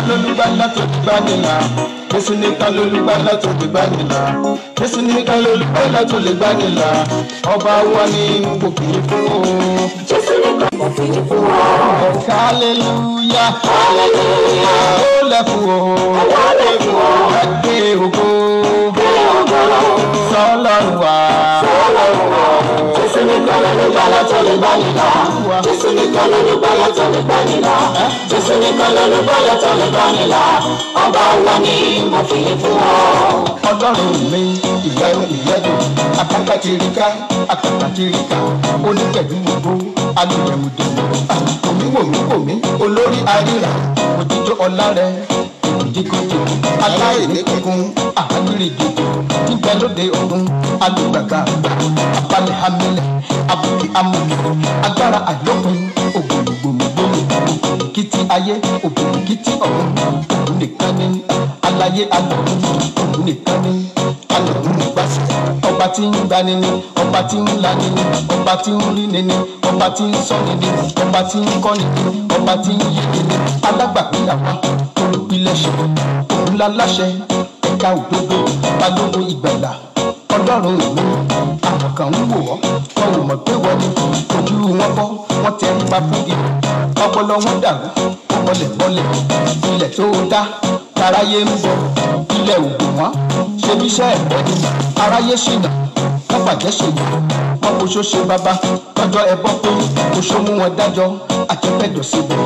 nìkan lólùgbàlà tó ti gbà nìlà Jésù nìkan lólùgbàlà tó ti gbà nìlà Jésù nìkan lólùgbàlà tó lè gbà nìlà ọba wa ni n kò kì í fún o. Jésù nìkan kò kì í fún o. hallelujah hallelujah ó lẹ́fù o ó lẹ́fù o ẹgbẹ́ ògo sọlọ́run wá. sọlọ́run wá. Jésù nìkan lọ́lùgbàlà tó lè gbà nílà. Jésù nìkan lọ́lùgbàlà tó lè gbà nílà. Jésù nìkan lọ́lùgbàlà tó lè gbà nílà. Ọba wa ni mo fi lè fún ọ. Ọlọ́run mi ìyẹ́rù ìyẹ́rù àpáta ti rí ká àpáta ti rí ká onígbẹ̀dú gbogbo agbẹ̀yẹ̀mùdò oníwòmíwòmí olórí àríra òjijì ọlá rẹ̀ òjijì kòtò aláìní kankan àgbèrè dìbò ń bẹ lóde ọdún alùgbàgbà abalẹ̀ hamilẹ̀ abuki amuki agbára àìlópin ògùn gbòmùgbòmù kìtì ayé ògùn kìtì ọ̀run ògùn nìkan ní aláyé alọ̀run ògùn nìkan ní alọ̀run nígbàsí ọba tí ń gbani ni ọba tí ń lani ni ọba tí ń rí ni ni ọba tí ń sọ ni ni ọba tí ń kọ́ ni ni ọba tí ń yé ni ni alágbàgbéyàwó olùpilẹ̀ṣẹ̀ òun láláṣẹ ìyá òdodo balógun ìgbàlà ọlọ́run ìlú àwọn kan ń wò wọ́n wọn ò mọ̀ pé wọ́n ní ojú wọn bọ́ wọ́n tẹ nípa fúngi ọpọlọ wọn dàrú ó mọlẹ̀ mọlẹ̀ ilẹ̀ tó dá taráyé ń bọ̀ ilẹ̀ ògùn wá ṣebí iṣẹ́ ẹ̀bẹ̀ ni aráyé ṣìnà wọ́n bàjẹ́ ṣèyàn wọ́n kò ṣó ṣe bàbá lọ́jọ́ ẹbọ pé kò ṣó mú wọn dájọ́ àtẹ́pẹ́dọ̀ síbẹ̀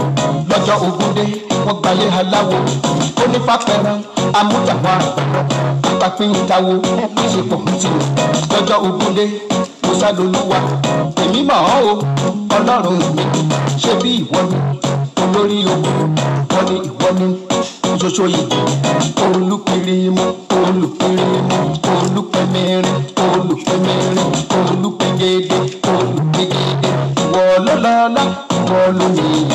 lọ́jọ́ ogúndé wọ́n gbayé aláwo ó ní pápẹ́rán amújàwá àpapín ìtawó àṣepọ̀ mùtìlù lọ́jọ́ ogúndé mo lolúwa èmi mọ̀ ọ́ o ọlọ́run mi ṣe bí ìwọ olórí ogun wọ́n ní ìwọ kan ṣoṣo yìí. olùpẹ̀rẹ̀ mú olùpẹ̀rẹ̀ mú olùpẹ̀mẹ̀rin olùpẹ̀mẹ̀rin olùpẹ̀gẹ̀dẹ̀ olùpẹ̀gẹ̀dẹ̀ wọ̀ lọ́lọ́lá bọ́ọ̀lù mi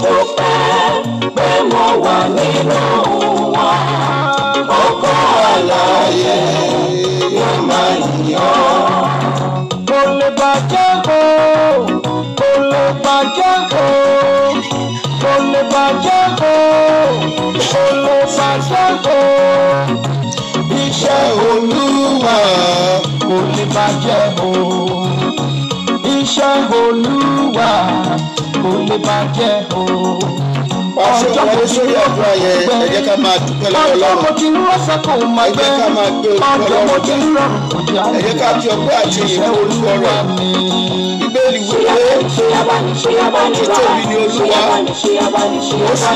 dúpẹ́ pé mo wà nínú wa. Ọkọ àlàyé yóò máa yàn. Kò lè bàjẹ́ o, kò lè bàjẹ́ o, kò lè bàjẹ́ o, kò lè bàjẹ́ o. Iṣẹ́ Olúwa kò lè bàjẹ́ o iṣẹ́ olúwa kò lè bàjẹ́ o. ọjọ́ mo ti rú ọ̀fẹ́ gbẹ ọjọ́ mo ti rú ọ̀fẹ́ kò má gbẹ ọjọ́ mo ti rú ọ̀fẹ́ kò jẹ́ àgbẹ̀ iṣẹ́ olúwa mi. nítorí ni olúwa ó sì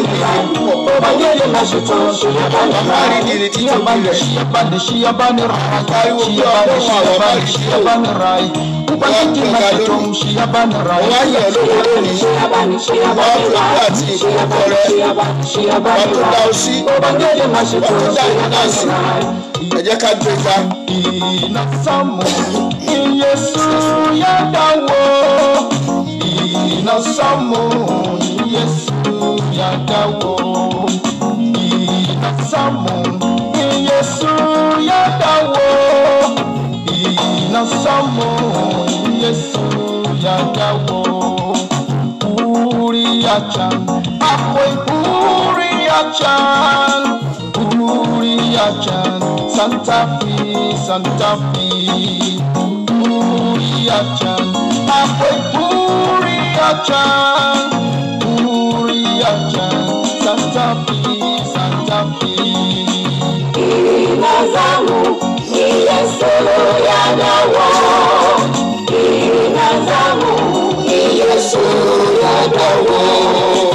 ní ìlú ọba lóye máa ṣe tán ọba rí ní ìrètí tóbi rẹ̀ pariwo pé ọlọ́run àwọn bá rí ṣe o gbàgbọ́dọ̀ wá yọ lówó lónìí wá fúnra àti ìkókó rẹ wá tó dá o sí wá tó dá iná sí ẹ jẹ́ ká gbé fa. ìnásámù ìyẹ̀sùn yóò dánwò. Samo, Yesu yadawo Samo, Yesu yadawo Samo, Yesu yadawo uriachan akwe uriachan uriachan Santa Fe Santa Fe uriachan pé Buri Achan, Buri Achan, Santa Fe, Santa Fe. Inazamu, ni Yesu ni Yesu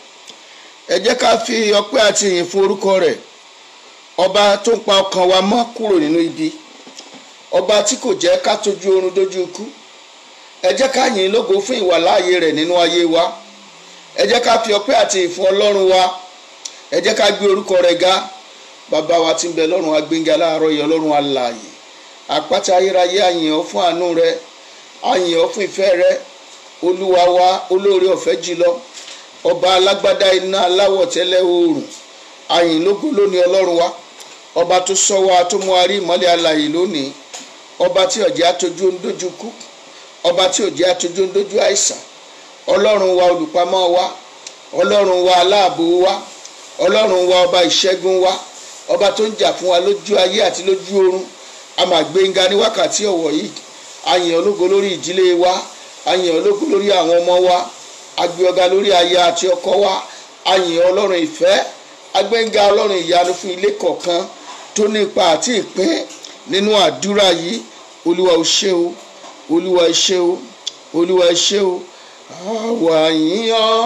ẹ ká fi ọpẹ́ àti ìyìn fún orúkọ rẹ̀ ọba tó ń pa ọkàn wa mọ́ kúrò nínú ibi ọba tí kò jẹ́ ká tójú oorun dójú ikú ẹ ká yìn lógo fún ìwàláàyè rẹ̀ nínú ayé wa ẹ ká fi ọpẹ́ àti ìyìn fún ọlọ́run wa ẹ ká gbé orúkọ rẹ̀ ga bàbá wa tí ń bẹ lọ́run agbẹ́ngà láàárọ̀ ọlọ́run alààyè àpáta ayérayé ọ́ fún àánú ọ́ fún ìfẹ́ olúwa ọba alágbádá iná aláwọ̀ tẹ́lẹ̀ oòrùn àyìnlógo lónìí ọlọ́run wa ọba tó sọ wa tó mú wa rí ìmọ́lẹ̀ alààyè lónìí ọba tí ọ̀jẹ̀ àtọ́jú ń dojú kú ọba tí ọ̀jẹ̀ àtọ́jú ń dojú àìsàn ọlọ́run wa olùpamọ́ wa ọlọ́run wa aláàbò wa ọlọ́run wa ọba ìṣẹ́gun wa ọba tó ń jà fún wa lójú ayé àti lójú ọ̀run a máa gbénga ní wákàtí ọ̀wọ̀ yìí a yìn lórí ìdílé wa a yìn lórí àwọn ọmọ wa agbé ọ̀gá lórí aya àti ọkọ wa ayìn ọlọ́run ìfẹ́ agbẹ́ngà ọlọ́run ìyanu fún ilé kọ̀ọ̀kan tó ní ipa àti ìpín nínú àdúrà yìí olúwa o ṣé o olúwa o ṣé o olúwa o ṣé o àwa yíyan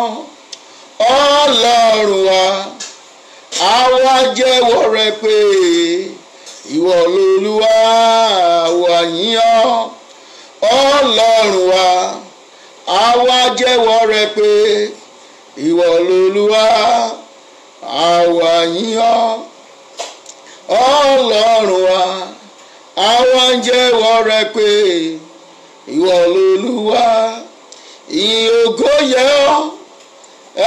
ọlọ́run wa àwa jẹ́wọ́ rẹ pé ìwọ lolúwa àwa yíyan ọlọ́run wa àwa jẹ́wọ́ rẹ pé ìwọ lolúwa àwa yìn ọ́ ọlọ́run wa àwa ń jẹ́wọ́ rẹ pé ìwọ lolúwa ìyìn ògo yẹ ọ́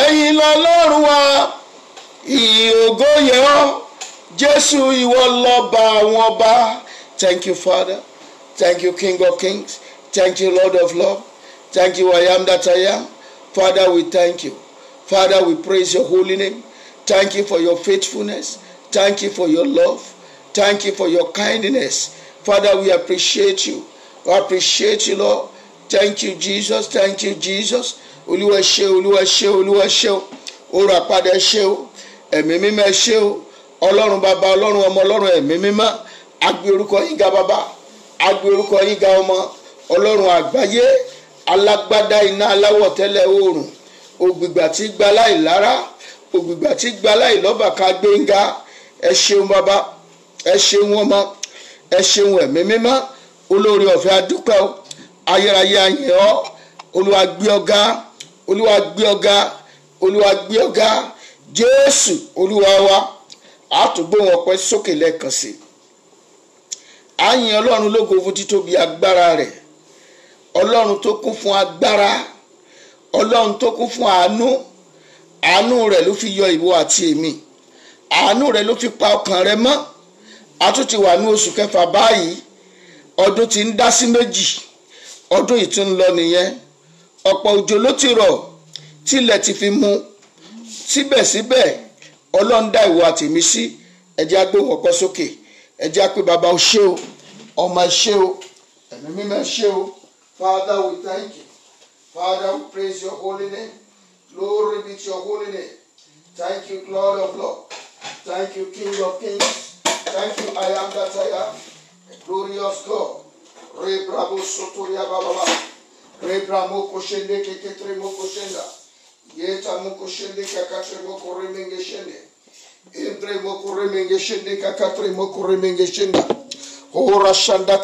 ẹ̀yin lọ́lọ́run wa ìyìn ògo yẹ ọ́ jésù ìwọ lọ́ba àwọn ọba thank you father thank you king of kings thank you lord of Love. Thank you, I am that I am. Father, we thank you. Father, we praise your holy name. Thank you for your faithfulness. Thank you for your love. Thank you for your kindness. Father, we appreciate you. We appreciate you, Lord. Thank you, Jesus. Thank you, Jesus. Olúwa ṣé o, Olúwa ṣé o, Olúwa ṣé o. Orò àpadà ṣé o. Ẹ̀mí mímọ́ ẹ ṣé o. Ọlọ́run bàbá, Ọlọ́run ọmọ, Ọlọ́run ẹ̀mí mímọ́. Agbé orúkọ yín ga bàbá. Agbé orúkọ yín ga ọmọ. Ọlọ́run àgbáyé. alágbádá iná aláwọ̀ tẹ́lẹ̀ oòrùn ògbìgbà tí gba láì lára ògbìgbà tí gba láì lọ́bàká gbẹ̀ngà ẹ ṣeun bàbá ẹ ṣeun ọmọ ẹ ṣeun ẹ̀mí mímọ́ olóore ọ̀fẹ́ adúpẹ́ o ayérayé ayẹ̀ ọ́ olúwa gbé ọ̀gá olúwa gbé ọ̀gá olúwa gbé ọ̀gá jésù olúwa wa àtúgbò wọn pẹ́ sókè lẹ́ẹ̀kan sí i àyìn ọlọ́run lógo fún títóbi agbára rẹ̀ ọlọ́run tó kún fún agbára ọlọ́run tó kún fún àánú àánú rẹ̀ ló fi yọ ìwọ àti èmi àánú rẹ̀ ló fi pa ọkàn rẹ mọ́ a tún ti wà ní oṣù kẹfà báyìí ọdún ti ń dá sí méjì ọdún yìí tún ń lọ nìyẹn ọ̀pọ̀ òjò ló ti rọ̀ tilẹ̀ ti fi mu síbẹ̀síbẹ̀ ọlọ́run dá ìwọ àti èmi sí ẹ̀jẹ̀ agbóhùn ọkọ sókè ẹ̀jẹ̀ á pé baba o ṣé o ọmọ ẹ o ẹ̀mí mímọ́ ẹ o. Father, we thank you. Father, we praise your holy name. Glory be to your holy name. Thank you, Lord of Lords. Thank you, King of Kings. Thank you, I am that I am. Glorious God. bravo sotoria bababa. Rebramo koshende keketre mokoshenda. Yeta mokoshende kakatre mokoremenge Ora shanda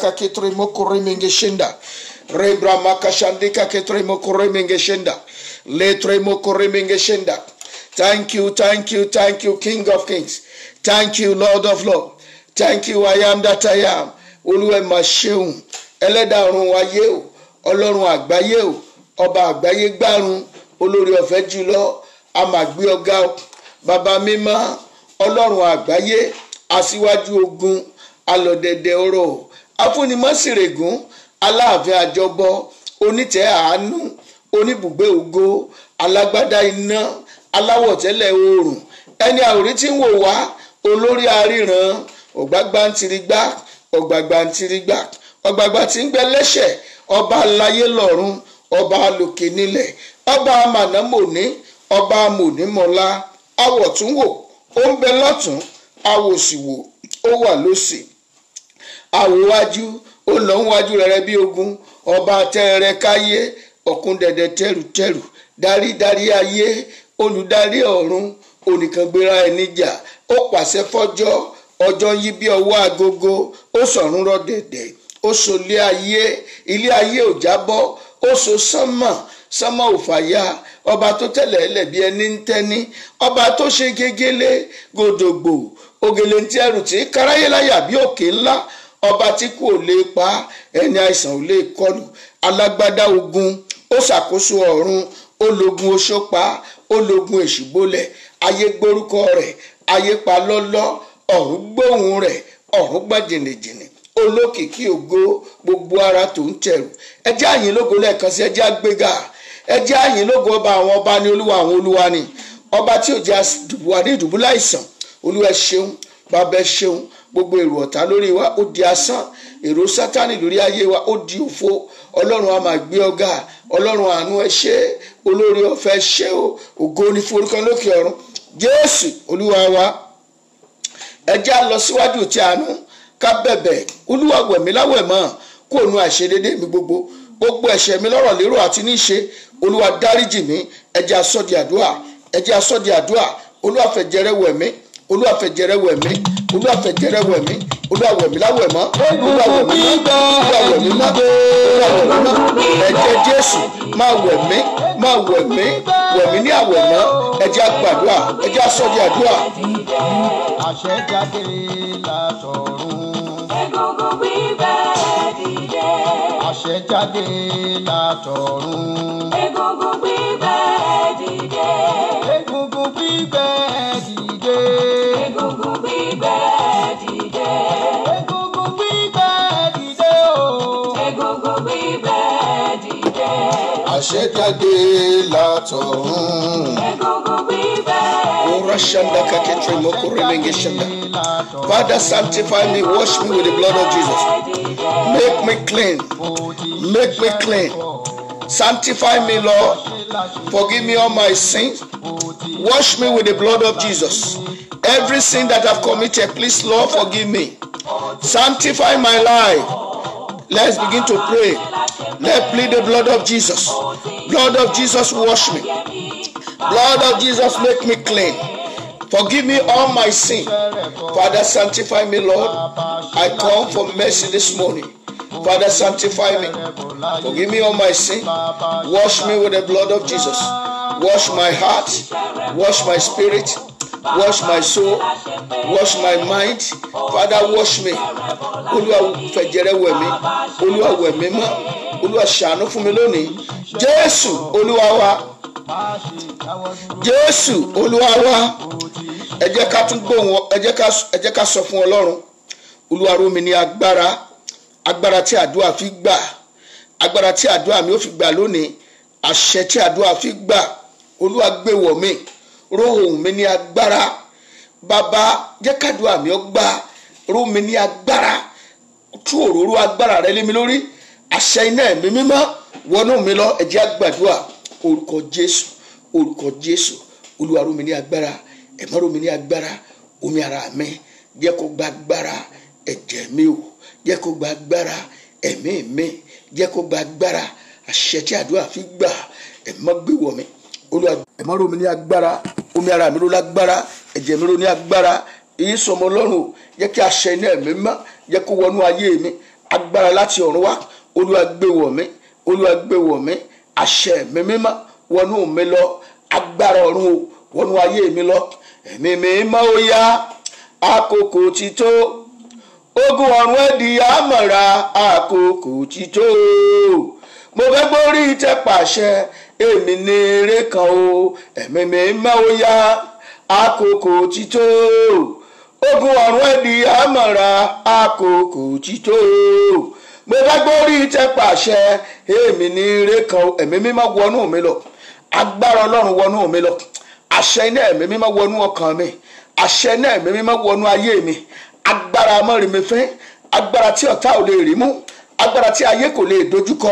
rebra makashandika ketremokore mengeshenda letremokore mengeshenda thank you thank you thank you king of kings thank you lord of Lords, thank you i am that i am olúwa mà ṣeun ẹlẹ́dàá ọ̀run ayé o ọlọ́run àgbáyé o ọba àgbáyé gbárùn olórí ọ̀fẹ́ jùlọ amàgbé ọ̀gá bàbá mímọ́ ọlọ́run àgbáyé aṣíwájú ogun alọ̀dẹ̀dẹ̀ ọ̀rọ̀ afúnimọ́sìrègùn aláàfin àjọbọ onítẹ̀ àánú oníbùgbé ògo alágbádá iná aláwọ̀tẹ́lẹ̀ oòrùn ẹni àwòrí tí ń wò wá olórí aríran ọ̀gbágbá ń tirigbá ọ̀gbàgbà ń tirigbá ọ̀gbàgbà tí ń gbẹ lẹ́sẹ̀ ọba aláyé lọ́run ọba alòkè nílẹ̀ ọba amànàmòní ọba amònímọ́lá awọ̀túnwò ó ń bẹ lọ́tún awòsìwò ó wà lósì àwòwájú ó lọ ń wájú rẹ̀ bí ogun ọba tẹ́rẹ̀ káyé ọ̀kun dẹ̀dẹ̀ tẹ̀rùtẹ̀rù dárídarí ayé olùdarí ọ̀run onìkàngbéra ẹni jà ó pàṣẹ fọ́jọ́ ọjọ́ yí bí ọwọ́ agogo ó sọ̀run rọ̀ dẹ̀dẹ̀ ó solé ayé ilé ayé ò jábọ́ ó so sánmà sánmà ò fàya ọba tó tẹ̀lẹ̀ ẹlẹ̀ ẹni ń tẹ́ni ọba tó ṣe gegele gòdògbò ògèlè ń tẹ́rù tí káráyé láyà bí òkè ńlá ọba tí kò lè pa ẹni àìsàn ò lè kọlù alágbádá ogun ó ṣàkóso ọ̀run ológun oṣópa ológun èṣùgbọ́lẹ̀ ayé gbórúkọ rẹ̀ ayé pa lọ́lọ́ ọ̀run gbóhùn rẹ̀ ọ̀run gbà jìnnìjìnnì olókìkí ògo gbogbo ara tó ń tẹ̀rù ẹ jẹ́ àyìn lógo lẹ́ẹ̀kan sí ẹ jẹ́ àgbéga ẹ jẹ́ àyìn lógo ọba àwọn ọba ni olúwa àwọn olúwa ni ọba tí ò jẹ́ àdìdùbú olúwa ẹ ṣeun bàbá ẹ ṣeun gbogbo èrò ọ̀tá lórí wa ó di asán èrò sátánì lórí ayé wa ó di òfo ọlọ́run a máa gbé ọ̀gá ọlọ́run àánú ẹ ṣé olórí ọ̀fẹ́ ṣé o ògo ni fún orúkọ lókè ọ̀run jésù olúwa wa ẹ jẹ́ á lọ síwájú tí àánú ká bẹ̀bẹ̀ olúwa wẹ̀mí láwẹ̀mọ́ kó nu àìṣedédé mi gbogbo gbogbo ẹ̀ṣẹ̀ mi lọ́rọ̀ lérò àti níṣe olúwa dáríjì mi ẹ jẹ́ á sọ di àdúrà ẹ jẹ́ á sọ di olúwa fẹ̀jẹ̀rẹ̀ wẹ̀mí olúwa fẹ̀jẹ̀rẹ̀ olúwàfẹ gẹrẹ wẹ mí olúwàwẹ mí láwẹ mọ olúwàwẹ mí mọ olúwàwẹ mí mọ olúwàwẹ mí mọ ẹ̀jẹ̀ jésù máa wẹ̀ mí máa wẹ̀ mí wẹ̀ mí ní àwẹ̀ mọ́ ẹ̀jẹ̀ àgbàdua ẹ̀jẹ̀ asọdí àdúrà. àṣẹ jáde látọ̀run. egungun gbígbẹ́ dìde. àṣẹ jáde látọ̀run. egungun gbígbẹ́. àṣejáde látọ̀hún. egungun gbígbẹ́. Ora shanda kaketre moko remenge shanda. Father, sanctify me, wash me with the blood of Jesus. Make me clean. Make me clean. Sanctify me, Lord. Forgive me all my sins. Wash me with the blood of Jesus. Every sin that I've committed, please, Lord, forgive me. Sanctify my life. Let's begin to pray. Let's plead the blood of Jesus. Blood of Jesus, wash me. Blood of Jesus, make me clean. Forgive me all my sin. Father, sanctify me, Lord. I come for mercy this morning. Father, sanctify me. Forgive me all my sin. Wash me with the blood of Jesus. Wash my heart. Wash my spirit. wash my soul wash my mind father wash me olúwa fẹ̀jẹ̀ rẹ wẹ̀ mí olúwa wẹ̀ mí mọ́ olúwa ṣàánú fún mi lónìí jésù olúwa wa jésù olúwa wa ẹ jẹ́ ká tún gbóhùn ẹ jẹ́ ká sọ fún ọlọ́run olúwa rú mi ní agbára agbára tí àdúrà fi gbà agbára tí àdúrà mi ò fi gbà lónìí àṣẹ tí àdúrà fi gbà olúwa gbé wọ̀ mí ró ohùn mi ní agbára bàbá jẹ́ kádùá mi ó gbà ró mi ní agbára tú òróró agbára rẹ lé mi lórí àṣẹ iná ẹ̀mí mímọ́ wọnú mi lọ ẹ jẹ́ a gbàdúrà orúkọ jésù orúkọ jésù olúwa ró mi ní agbára ẹ̀mọ́ mi ní agbára omi ara mi jẹ́ kó gba agbára ẹ̀jẹ̀ mi o jẹ́ kó gba agbára ẹ̀mí mi jẹ́ kó gba agbára àṣẹ tí àdúrà fi gbà ẹ̀mọ́ mi olúwa mi ní agbára omi ara mi ló lágbára ẹ̀jẹ̀ mi ló ní agbára èyí sọmọ ọlọ́run jẹ́ kí aṣẹ iná ẹ̀mí mọ́ jẹ́ kó wọnú ayé mi agbára láti ọ̀run wá olúwa gbé wọ̀ mi olúwa gbé wọ̀ mí aṣẹ ẹ̀mí mímọ́ wọnú mi lọ agbára ọ̀run o wọnú ayé mi lọ ẹ̀mí mímọ́ ó yá àkókò ti tó ogun ọ̀run ẹ̀dì àmọ̀ra àkókò ti tó mo fẹ́ gbórí ìtẹ́ pàṣẹ èmi ní eré kan o ẹ̀mí mi máa ó yá àkókò tító ogun ọ̀run ẹ̀dì àmọ̀ra àkókò tító mo bá gbórí tẹpá àṣẹ èmi ní eré kan o ẹ̀mí mi máa wọnú mi lọ agbára ọlọ́run wọnú mi lọ àṣẹ iná ẹ̀mí mi máa wọnú ọkàn mi àṣẹ iná ẹ̀mí mi máa wọnú ayé mi agbára amọ̀rìnmẹ́fẹ́ agbára tí ọ̀tá ò lè rí mú agbára tí ayé kò lè dojúkọ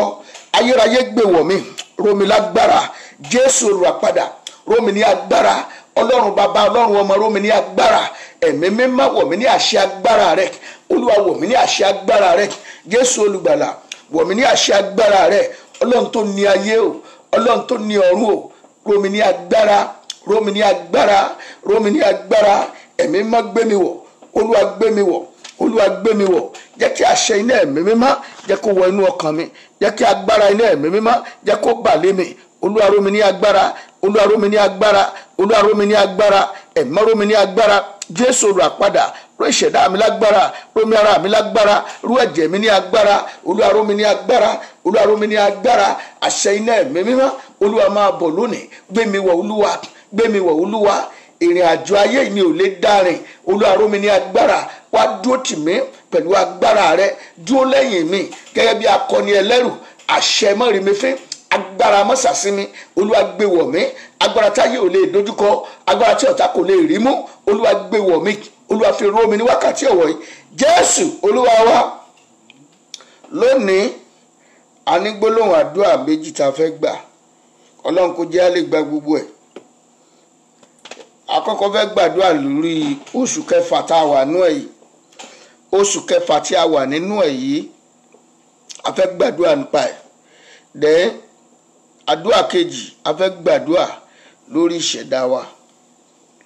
ayérayé gbé wọ̀ mí romi lágbára jésù ràpadà romi ní agbára ọlọ́run bàbá ọlọ́run ọmọ romi ní agbára ẹ̀mí mímọ́ wọ̀ mí ní àṣẹ agbára rẹ olúwa wọ̀ mí ní àṣẹ agbára rẹ jésù olùgbàlà wọ̀ ní àṣẹ agbára rẹ ọlọ́run tó ní ayé o ọlọ́run tó ní ọ̀run o romi ní agbára romi ní agbára romi ní agbára ẹ̀mí mímọ́ gbé mi wọ̀ olúwa gbé mi wọ̀ olúwa gbé mi wọ̀ jẹ́ kí àṣẹ iná ẹ̀mí mímọ́ jẹ́ kó wọ inú ọkàn mi jẹ́ kí agbára iná ẹ̀mí mímọ́ jẹ́ kó bà lé mi olúwa rọ̀ mí ní agbára olúwa rọ̀ mí ní agbára olúwa rọ̀ mí ní agbára ẹ̀mí rọ̀ mí ní agbára jésù olùràpadà rọ̀ ìṣẹ̀dá mi lágbára rọ̀ mi ara mi lágbára rọ̀ ẹ̀jẹ̀ mi ní agbára olúwa rọ̀ mí ní agbára olúwa ní agbára àṣẹ iná ẹ̀mí mímọ́ olúwa máa bọ̀ lónìí gbé mi wọ̀ olúwa gbé mi wọ̀ olúwa ìrìn àjò ayé mi ò lè dárìn olúwa ní agbára wá dúró tì mí pẹ̀lú agbára rẹ dúró lẹ́yìn mi gẹ́gẹ́ bí akọni ẹlẹ́rù àṣẹ mọ́rìmẹ́fẹ́ agbára mọ́sàsí mi olúwa gbé wọ̀ mí agbára táyé ò lè dojúkọ agbára tí ọ̀tá kò lè rí mú olúwa gbé wọ̀ mí olúwa fi ró mi ní wákàtí ọ̀wọ̀ yìí jésù olúwa wa lónìí a àdúrà méjì tá a fẹ́ gbà ọlọ́run kò jẹ́ á lè gba gbogbo ẹ̀ àkọ́kọ́ fẹ́ gbàdúrà lórí oṣù kẹfà tá a wà nú ẹ̀ yìí oṣù kẹfà tí a wà nínú ẹ̀ yìí a fẹ́ gbàdúrà nípa ẹ̀ dẹ́ àdúrà kejì a fẹ́ gbàdúrà lórí ìṣẹ̀dá wa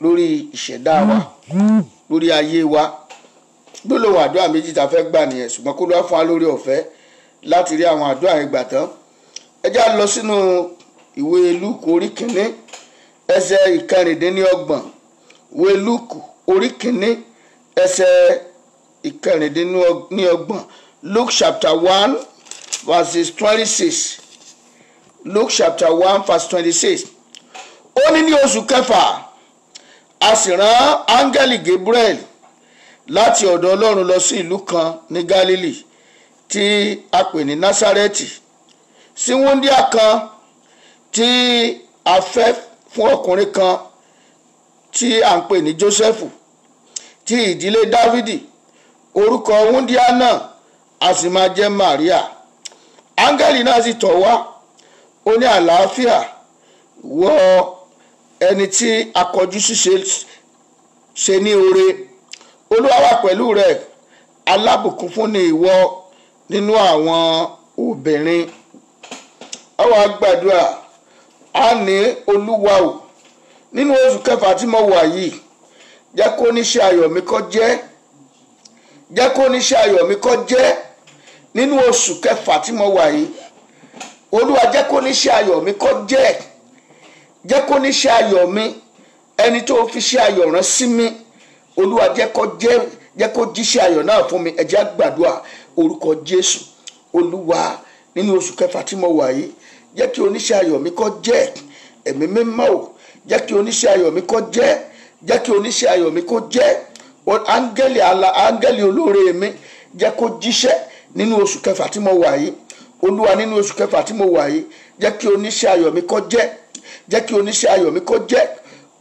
lórí ìṣẹ̀dá wa lórí ayé wa gbólóhùn àdúrà méjì tá a fẹ́ gbà nìyẹn ṣùgbọ́n kó ló wá fún wa lórí ọ̀fẹ́ láti rí àwọn àdúrà yẹn gbà tán ẹ lọ sínú ìwé lúùkù orí kìíní ẹsẹ̀ ìkẹrìndínlọ́gbọ̀n ìwé lúùkù orí kìíní ẹsẹ̀ ìkẹrìndínlọ́gbọ̀n Luke chapter one verses twenty-six Luke chapter one verse twenty-six ó ní ní oṣù kẹfà a sì rán áńgẹ́lì Gabriel láti ọ̀dọ̀ Ọlọ́run lọ sí ìlú kan ní Galilee tí a pè ní Násárẹ́tì sí wúndíà kan tí a fẹ́ fún ọkùnrin kan tí a ń pè ní Jósẹ́fù ti ìdílé Dávidi orúkọ wúndíá náà a sì máa jẹ́ Maria áńgẹ́lì náà sì tọ̀ wá ó ní àlàáfíà wọ ẹni tí akọjú ṣíṣe ṣe ní oore olúwa wà pẹ̀lú rẹ̀ alábùkún fún ni ìwọ nínú àwọn obìnrin a wá gbàdúrà ní olúwa o nínú oṣù kẹfà tí mo wà yìí jẹ́ kó níṣẹ́ ayọ̀ mi kó jẹ́ jẹ́ kó oníṣẹ́ ayọ̀ mi kó jẹ́ nínú oṣù kẹfà tí mo wà yìí olúwa jẹ́ kó oníṣẹ́ ayọ̀ mi kó jẹ́ jẹ́ kó oníṣẹ́ ayọ̀ mi ẹni tó fi ṣe ayọ̀ rán sí mi olúwa jẹ́ kó jẹ́ jẹ́ kó jíṣẹ́ ayọ̀ náà fún mi ẹ jẹ́ a gbàdúrà orúkọ jésù olúwa nínú oṣù kẹfà tí mo wà yìí jẹ́ kí oníṣẹ́ ayọ̀ mi kó jẹ́ ẹ̀mí mímọ́ o jẹ́ kí oníṣẹ́ ayọ̀ mi kó jẹ́ jẹ́ kí oníṣẹ́ ayọ̀ mi kó jẹ́ áńgẹ́lì ala áńgẹ́lì olóore mi jẹ́ kó jíṣẹ́ nínú oṣù kẹfà tí mo wà yìí olúwa nínú oṣù kẹfà tí mo wà yìí jẹ́ kí oníṣẹ́ ayọ̀ mi kó jẹ́ jẹ́ kí oníṣẹ́ ayọ̀ mi kó jẹ́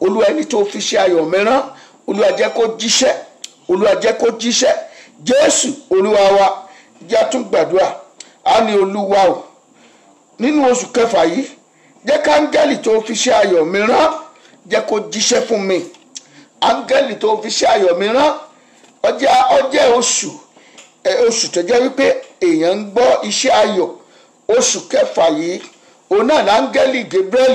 olúwa ẹni tó fi ṣe ayọ̀ mi rán olúwa jẹ́ kó jíṣẹ́ olúwa jẹ́ kó jíṣẹ́ jésù olúwa wa jẹ́ tún gbàdúrà á ní olúwa o nínú oṣù kẹfà yìí jẹ́ káńgẹ́lì tó fi ṣe ayọ̀ mi rán kó jíṣẹ́ fún mi áńgẹ́lì tó ń fi ṣe ayọ̀ mìíràn ọjẹ́ ọjẹ́ oṣù oṣù tó jẹ́ wípé èèyàn ń gbọ́ iṣẹ́ ayọ̀ oṣù kẹfà yìí òun náà láńgẹ́lì Gabriel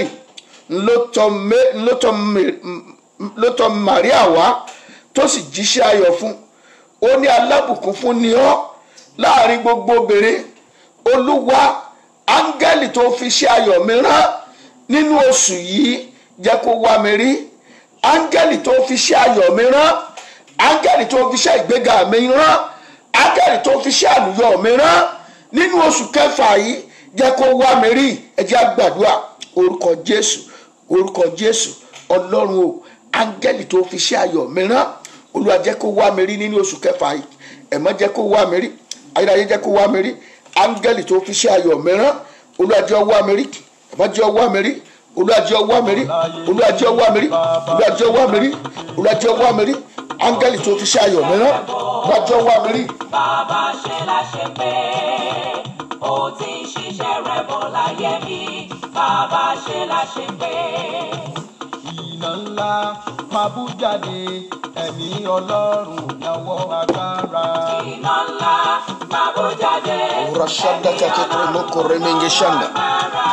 ló tọ̀ Maria wá tó sì jíṣẹ́ ayọ̀ fún ó ní alábùkún fún ni ọ́ láàrin gbogbo obìnrin olúwa áńgẹ́lì tó fi ṣe ayọ̀ mìíràn nínú oṣù yìí jẹ́ kó wá mi rí áńgẹ́lì tó fi ṣe ayọ̀ mi rán áńgẹ́lì tó fi ṣe ìgbéga mi rán áńgẹ́lì tó fi ṣe àlùyọ mi rán nínú oṣù kẹfà yìí jẹ́ kó wá mi rí ẹ jẹ́ gbàdúrà orúkọ jésù orúkọ jésù ọlọ́run o áńgẹ́lì tó fi ṣe ayọ̀ mi rán olúwa jẹ́ kó wá mi rí nínú oṣù kẹfà yìí ẹ̀mọ́ jẹ́ kó wá mi rí ayérayé jẹ́ kó wá mi rí áńgẹ́lì tó fi ṣe ayọ̀ mi rán olúwa jẹ́ ó mi rí ẹ̀mọ́ jẹ́ ó mi rí olùwàjẹ ọwọ́ àmìrí olùwàjẹ ọwọ́ àmìrí olùwàjẹ ọwọ́ àmìrí olùwàjẹ ọwọ́ àmìrí áńgẹ́lì tó fi ṣayọ̀ mìíràn olùwàjẹ ọwọ́ àmìrí. bàbá ṣe láṣẹ pé ó ti ṣiṣẹ́ rẹ̀ bọ̀ láyé mi bàbá ṣe láṣẹ pé. ìlà ńlá máa bú jáde ẹ̀mí ọlọ́run náwó agbára. ìlà ńlá rashada kakẹ́kọ̀ọ́ lóko remenge shanda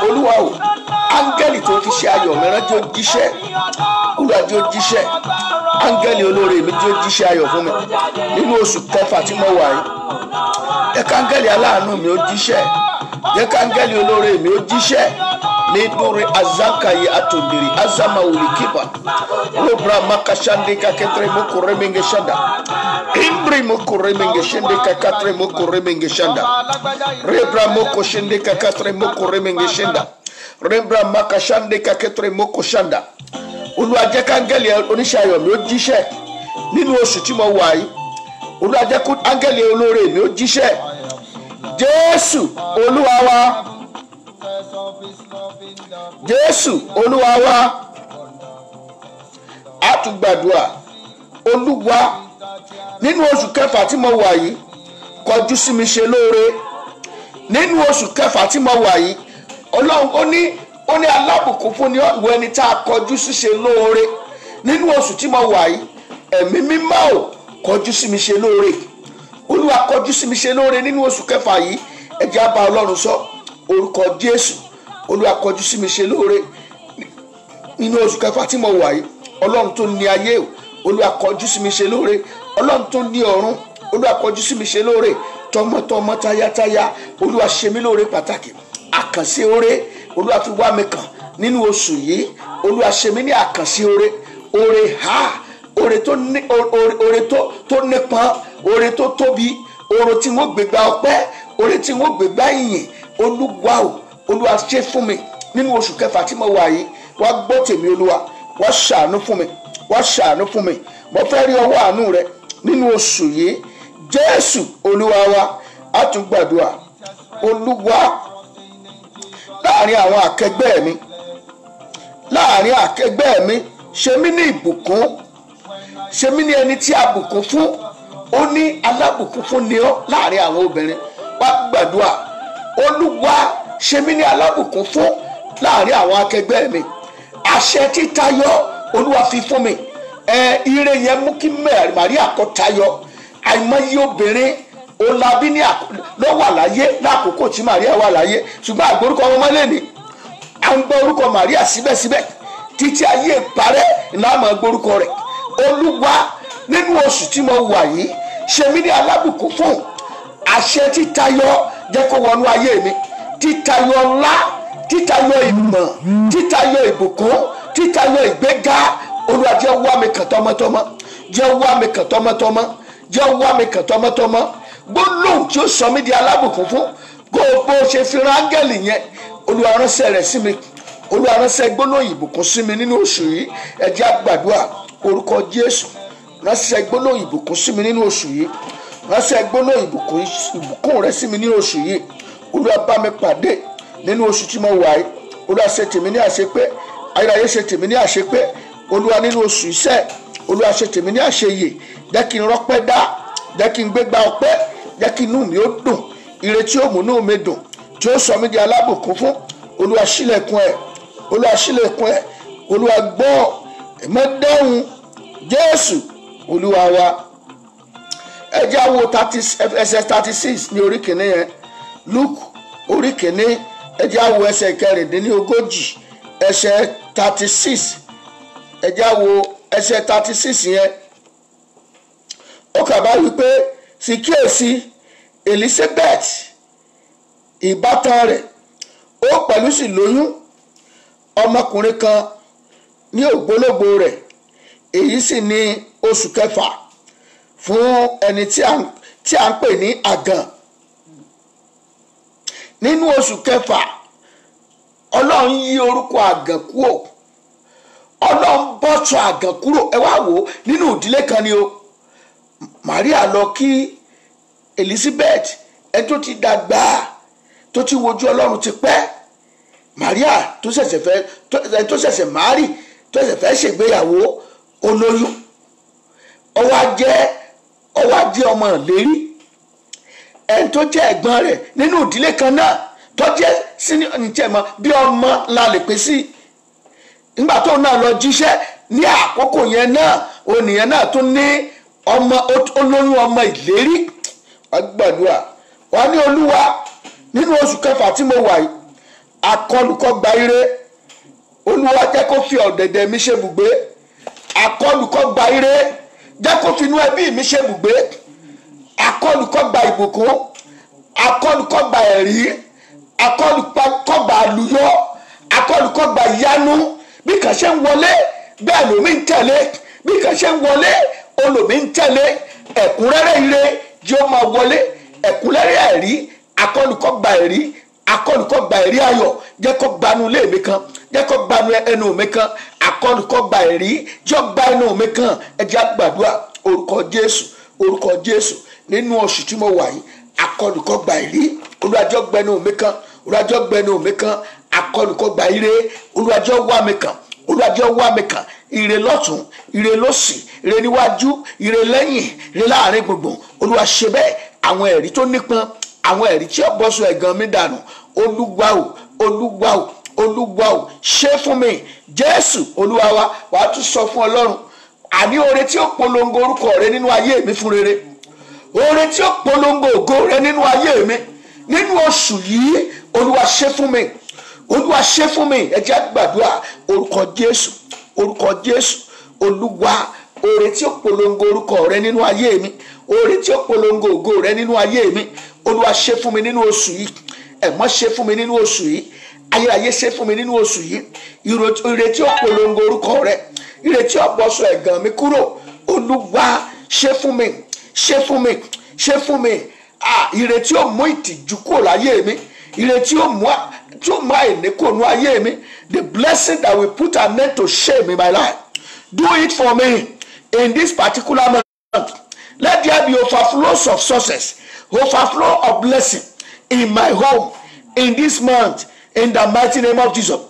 olúwa o áńgẹ́lì tó fi ṣe ayọ̀ mìíràn tí ó jíṣẹ́ kúrò tí ó jíṣẹ́ áńgẹ́lì olóore mi tí ó jíṣẹ́ ayọ̀ fún mi nínú oṣù kẹfà tí mo wà yìí jẹ́ káńgẹ́lì aláàánú mi ó jíṣẹ́ jẹ́ káńgẹ́lì olóore mi ó jíṣẹ́ nítorí azakaye atondiri azamawuli kipa lóbra makasande kakẹtẹrẹ mokore menge shanda. Imbri moko remenge shende kakatre moko remenge shanda. Rebra moko shende kakatre moko remenge shenda. Rebra maka kakatre moko shanda. Olúwa jẹ́ ká áńgẹ́lì oníṣẹ́ ayọ̀ mi ó jíṣẹ́ nínú oṣù tí mo wà yìí. Olúwa jẹ́ ká áńgẹ́lì olóore mi ó jíṣẹ́. Jésù wa. Jésù Olúwa wa. A tún nínú oṣù kẹfà tí mo wà yìí kọjú sí mi ṣe lóore nínú oṣù kẹfà tí mo wà yìí ọlọ́run ó ní ó ní alábùkún fún ní ìwọ ẹni tá a kọjú sí ṣe lóore nínú oṣù tí mo wà yìí ẹ̀mí mímọ́ ò kọjú sí mi ṣe lóore olúwa kọjú sí mi ṣe lóore nínú oṣù kẹfà yìí ẹ á bá ọlọ́run sọ orúkọ jésù olúwa kọjú sí mi ṣe lóore nínú oṣù kẹfà tí mo wà yìí ọlọ́run tó ní ayé o olúwa kọjú sí mi ṣe lóore ọlọ́run tó ní ọ̀run olúwa kọjú sí mi ṣe lóore tọmọtọmọ tayátayá olúwa ṣe mí lóore pàtàkì àkànṣe oore olúwa fi nínú oṣù yìí olúwa ní àkànṣe oore oore ha oore tó nípọn oore tó tóbi oore tí wọ́n gbégbá ọpẹ́ oore tí wọ́n gbégbá ìyìn olúwa o olúwa ṣe fún mi nínú oṣù kẹfà tí mo wà yìí wá gbọ́ tèmi olúwa wá ṣàánú fún mi wá ṣàánú fún mi mo fẹ́ rí ọwọ́ àánú rẹ nínú oṣù yìí jésù olúwa wa á tún gbàdúrà olúwa láàrin àwọn akẹgbẹ́ mi láàrin akẹgbẹ́ mi ṣe mí ní ìbùkún ṣe mí ní ẹni tí a bùkún fún ó ní alábùkún fún ni ọ láàrin àwọn obìnrin wá gbàdúrà olúwa ṣe mí ní alábùkún fún láàrin àwọn akẹgbẹ́ mi àṣẹ títayọ olúwa fi fún mi ẹ ire yẹn mú kí Màríà kó tayọ àìmọye obìnrin olabi ní ló wà láyé lákòókò tí Màríà wà láyé ṣùgbọ́n àgbórúkọ wọn mọ́lẹ̀ ni à ń gbọ́ orúkọ Màríà síbẹ̀síbẹ̀ títí ayé parẹ́ ìlànà gbórúkọ rẹ̀ olúwa nínú oṣù tí mo wà yìí ṣe mí ní alábùkún fún àṣẹ títayọ jẹ́ kó wọnú ayé mi títayọ ọlá títayọ ìmọ̀ títayọ ìbùkún títayọ ìgbéga olúwa jẹ́ wá mi kàn tọmọtọmọ jẹ́ wá mi kàn tọmọtọmọ jẹ́ wá mi kàn tọmọtọmọ gbólóhùn tí ó sọ mí di alábùkún fún kó o bó o ṣe fi rán áńgẹ́lì yẹn olúwa ránṣẹ́ rẹ̀ sí mi olúwa ránṣẹ́ gbólóhùn ìbùkún sí mi nínú oṣù yìí ẹ jẹ́ a gbàdúrà orúkọ jésù ránṣẹ́ gbólóhùn ìbùkún sí mi nínú oṣù yìí ránṣẹ́ gbólóhùn ìbùkún rẹ sí mi nínú oṣù yìí olúwa bá mi pàdé nínú oṣù tí mo wà yìí olúwa ṣe tèmi ní àṣepé ayérayé ṣe tèmi ní àṣepé olúwa nínú oṣù iṣẹ́ olúwa ṣe tèmi ní àṣeyè jẹ́ kí n rọ́pẹ́ dá jẹ́ kí n gbégbá ọpẹ́ jẹ́ kí inú mi ó dùn ire tí ó mú inú mi dùn tí ó sọ mí di alábùkún fún olúwa ṣílẹ̀kùn ẹ̀ olúwa ṣílẹ̀kùn ẹ̀ olúwa gbọ́ ẹ̀mẹ́dẹ́hùn jésù olúwa wa ẹ jẹ́ àwo ẹsẹ̀ thirty six ní orí kìíní yẹn luke orí kìíní ẹ jẹ́ àwo ẹsẹ̀ kẹrìndínlógójì ẹsẹ̀ thirty six ẹ̀já wo ẹsẹ̀ thirty six yẹn ó kà bá wí pé sì kíyèsí Elizabeth ìbátan rẹ̀ ó pẹ̀lú sì lóyún ọmọkùnrin kan ní ògbólógbò rẹ̀ èyí sì ní oṣù kẹfà fún ẹni tí à ń pè ní àgàn nínú oṣù kẹfà ọlọ́run yí orúkọ àgàn kúrò ọlọ́run bọ́tù àgàn kúrò ẹ wá wò nínú ìdílé kan ni o Maria lọ kí Elizabeth ẹ tó ti dàgbà tó ti wojú ọlọ́run ti pẹ́ Maria tó ṣẹ̀ṣẹ̀ fẹ́ tó ṣẹ̀ṣẹ̀ mari tó ṣẹ̀ṣẹ̀ fẹ́ ṣègbéyàwó olóyún ó wá jẹ́ ó wá jẹ́ ọmọ ìlérí ẹni tó jẹ́ ẹ̀gbọ́n rẹ̀ nínú ìdílé kan náà tó jẹ́ senior níjẹ́ mọ́ bí ọmọ la lè pè sí nígbà tó náà lọ jíṣẹ́ ní àkókò yẹn náà onìyẹn náà tún ní ọmọ olóyún ọmọ ìlérí agbàdúrà wà ní olúwa nínú oṣù kẹfà tí mo wà yìí akọlùkọgba ire olúwa jẹ́ kó fi ọ̀dẹ̀dẹ̀ mi ṣe bùgbé akọlùkọgba ire jẹ́ kó fi inú ẹbí mi ṣe bùgbé akọlùkọgba ìbùkún akọlùkọgba ẹ̀rí akọ́lùkọ́gba àlùyọ akọ́lùkọ́gba ìyanu bí kan ṣe ń wọlé bẹ́ẹ̀ lómi ń tẹ̀lé bí kan ṣe ń wọlé olómi ń tẹ̀lé ẹ̀kúnrẹ́rẹ́ ire yóò máa wọlé ẹ̀kúnrẹ́rẹ́ ẹ̀rí akọ́lùkọ́gba ẹ̀rí akọ́lùkọ́gba ẹ̀rí ayọ̀ jẹ́ kó gbanu ilé mi kan jẹ́ kó gbanu ẹnu mi kan akọ́lùkọ́gba ẹ̀rí yóò gba ẹnu mi kan ẹ jẹ́ a gbàdúrà orúkọ Jésù orúkọ Jésù nínú oṣù tí mo wà yìí akọ́lùkọ́gba ẹ̀rí olùwàjọ́ gbẹnu mi kan olùwàjọ́ gbẹnu mi kan akọlùkọgbà ire olùwàjọ́ wá mi kan olùwàjọ́ wá mi kan ire lọ́tún ire lọ́sì ire níwájú ire lẹ́yìn ire láàrin gbùngbùn olúwa ṣe bẹ́ẹ̀ àwọn ẹ̀rí tó nípọn àwọn ẹ̀rí tí ó bọ́ sọ ẹ̀gàn mi dànù olúwa o olúwa o olúwa o ṣe fún mi jésù olúwa wa wàá tún sọ fún ọlọ́run àní oore tí ó polongo orúkọ rẹ nínú ayé mi fún rere oore tí ó polongo ògo rẹ nínú ayé mi nínú oṣù yìí olúwa ṣe fún mi olúwa ṣe fún mi ẹ jẹ́ gbàdúrà orúkọ jésù orúkọ jésù olúwa oore tí ó polongo orúkọ rẹ nínú ayé mi oore tí ó polongo ògo rẹ nínú ayé mi olúwa ṣe fún mi nínú oṣù yìí ẹ̀mọ́ ṣe fún mi nínú oṣù yìí ayérayé ṣe fún mi nínú oṣù yìí ìrètí ó polongo orúkọ rẹ ìrètí ó bọ́sọ mi kúrò olúwa ṣe fún mi ṣe fún mi ṣe fún mi ìrètí ó mú ìtìjú kúrò láyé mi the blessing that will put an end to shame in my life do it for me in this particular month let there be overflows of success overflow of blessing in my home in this month in the mighty name of Jesus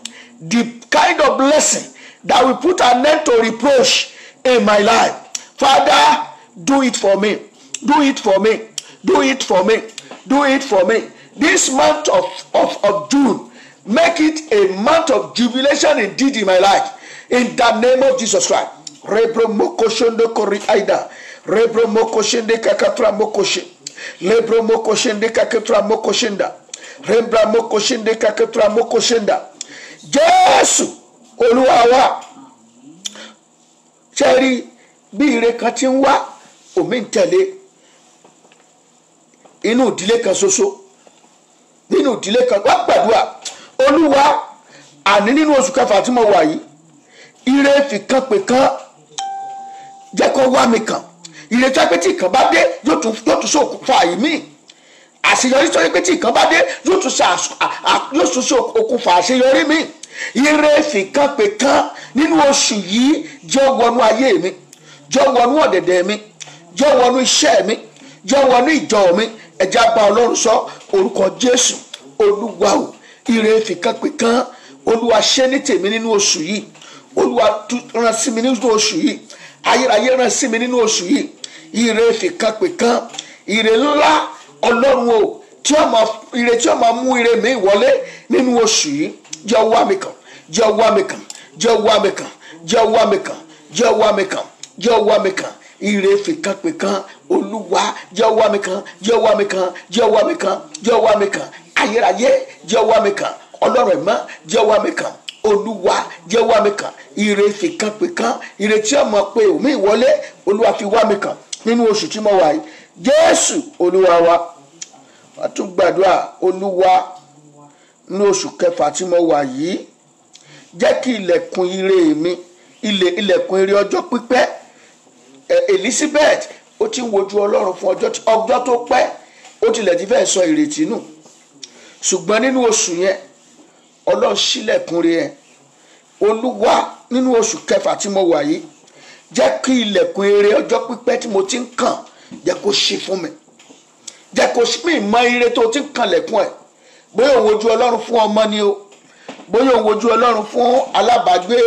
the kind of blessing that will put an end to reproach in my life father do it for me do it for me do it for me do it for me this month of, of, of June, make it a month of jubilation indeed in my life. In the name of Jesus Christ. Rebro mokoshondo kori aida. Rebro mokoshende kakatra mokoshe. Lebro mokoshende kakatra mokoshenda. Rembra mokoshende kakatra mokoshenda. Jésù Olúwa wa. bí ire kan ti ń wá, òmí ń tẹ̀lé inú ìdílé kan ṣoṣo nínú ìdílé kan wá gbàdúrà olúwa àní nínú oṣù kẹfà tí mo wà yìí ire fìkan pè kan jẹ́ kó wá mi kàn ire tó yẹ pé tí ìkan bá dé yóò tún ṣòkùnfà yìí míì àṣeyọrí tó yẹ pé tí ìkan bá dé yóò tún ṣe okùnfà àṣeyọrí míì ire fìkan pè kan nínú oṣù yìí jẹ́ wọnú ayé mi jẹ́ wọnú ọ̀dẹ̀dẹ̀ mi jẹ́ wọnú iṣẹ́ mi jẹ́ wọnú ìjọ mi ẹ̀já bá ọlọ́run sọ orúkọ jésù olúwa o ire fìkanpè kan olúwa ṣe ní tèmi nínú oṣù yìí olúwa ràn sí mi nínú oṣù yìí ayérayé ràn sí mi nínú oṣù yìí ire fìkanpè kan ire ńlá ọlọ́run o tí ó máa ire tí ó máa mú ire mi wọlé nínú oṣù yìí jẹ́ wá mi kàn jẹ́ wá mi kàn jẹ́ wá mi kàn jẹ́ wá mi kàn jẹ́ wá mi kàn jẹ́ wá mi kàn ire fìkanpè kan olúwa jẹ́ ọwọ́ mi kan jẹ́ ọwọ́ mi kan jẹ́ ọwọ́ mi kan jẹ́ ọwọ́ mi kan ayérayé jẹ́ ọwọ́ mi kan ọlọ́run ẹ̀mọ́ jẹ́ ọwọ́ mi kan olúwa jẹ́ ọwọ́ mi kan ìrètí kan pè kan ìrètí ọmọ pé òmí ìwọlé olúwa fi wá mi kan nínú oṣù tí mo wà yìí jésù olúwa wa àtún olúwa ní oṣù kẹfà tí mo wà yìí jẹ́ kí ilẹ̀kùn ire mi ilẹ̀kùn ire ọjọ́ pípẹ́ Elizabeth ó ti ń wojú ọlọ́run fún ọjọ́ tó pẹ́ ó tilẹ̀ ti fẹ́ sọ ìrètí nù ṣùgbọ́n nínú oṣù yẹn ọlọ́run ṣílẹ̀kùn rẹ̀ yẹn olúwa nínú oṣù kẹfà tí mo wà yìí jẹ́ kí ilẹ̀kùn eré ọjọ́ pípẹ́ tí mo ti ń kàn jẹ́ kó ṣí fún mi jẹ́ kó ṣí mi mọ ire tó ti ń kàn lẹ̀kùn ẹ̀ bóyá òun wojú ọlọ́run fún ọmọ ni o bóyá òun wojú ọlọ́run fún alábàágbé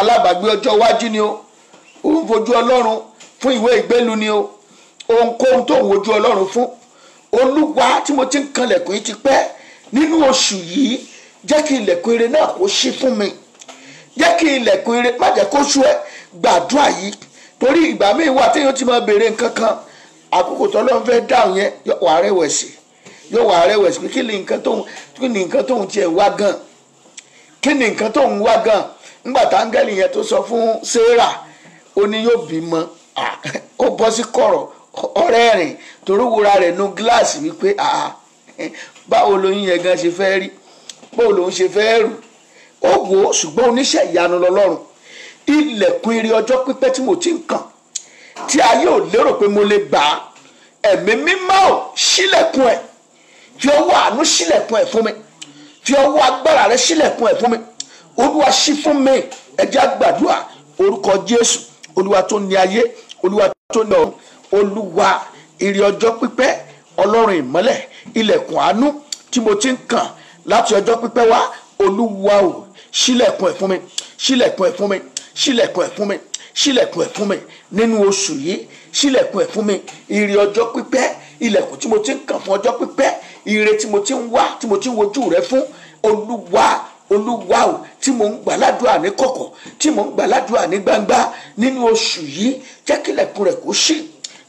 alábàágbé ọjọ́ iwájú ni o òun wojú ọlọ́run fún ìwé ìgbélu ni o ohunkóhun tó ń wojú ọlọ́run fún olúwa tí mo ti ń yìí ti pẹ́ nínú oṣù yìí jẹ́ kí ilẹ̀kùn náà kó ṣí fún mi jẹ́ kí ilẹ̀kùn ire má jẹ́ kó ṣú ẹ gbàdúrà yìí torí ìgbà míì wà téèyàn ti máa béèrè nǹkan kan àkókò tó lọ́n fẹ́ dáhùn yẹn yóò wà yóò wà ni nǹkan kí ni nǹkan ó bọ́ sí kọ̀rọ̀ ọ̀rẹ́ rìn torí wura rẹ̀ nu gíláàsì wípé báwo lóyún yẹn gan ṣe fẹ́ rí báwo lòun ṣe fẹ́ rù ó wò ó ṣùgbọ́n oníṣẹ́ ìyanu lọ́lọ́run ilẹ̀kùn ire ọjọ́ pípẹ́ tí mo ti ń kàn tí ayé ò lérò pé mo lè gbà á ẹ̀mí mímọ́ ò ṣílẹ̀kùn ẹ̀ fi ọwọ́ àánú ṣílẹ̀kùn ẹ̀ fún mi fi ọwọ́ agbára rẹ ṣílẹ̀kùn ẹ̀ fún mi olúwa ṣí fún mi ẹ gbàdúrà orúkọ jésù olúwa tó ní ayé olúwa tó ní ọ olúwa ìrì ọjọ́ pípẹ́ ọlọ́run ìmọ́lẹ̀ ilẹ̀kùn àánú tí mo ti ń kàn láti ọjọ́ pípẹ́ wá olúwa ò ṣílẹ̀kùn ẹ̀ fún mi ṣílẹ̀kùn ẹ̀ fún mi ṣílẹ̀kùn ẹ̀ fún mi ṣílẹ̀kùn ẹ̀ fún mi nínú oṣù yìí ṣílẹ̀kùn ẹ̀ fún mi ìrì ọjọ́ pípẹ́ ilẹ̀kùn tí mo ti ń kàn fún ọjọ́ pípẹ́ ire tí mo ti ń wá tí mo ti ń wojú rẹ fún olúwa olúwa o tí mò ń gbàládùá ní kọ̀kọ̀ tí mò ń gbàládùá ní gbangba nínú oṣù yìí jẹ́ kílẹ̀kùn rẹ̀ kó ṣí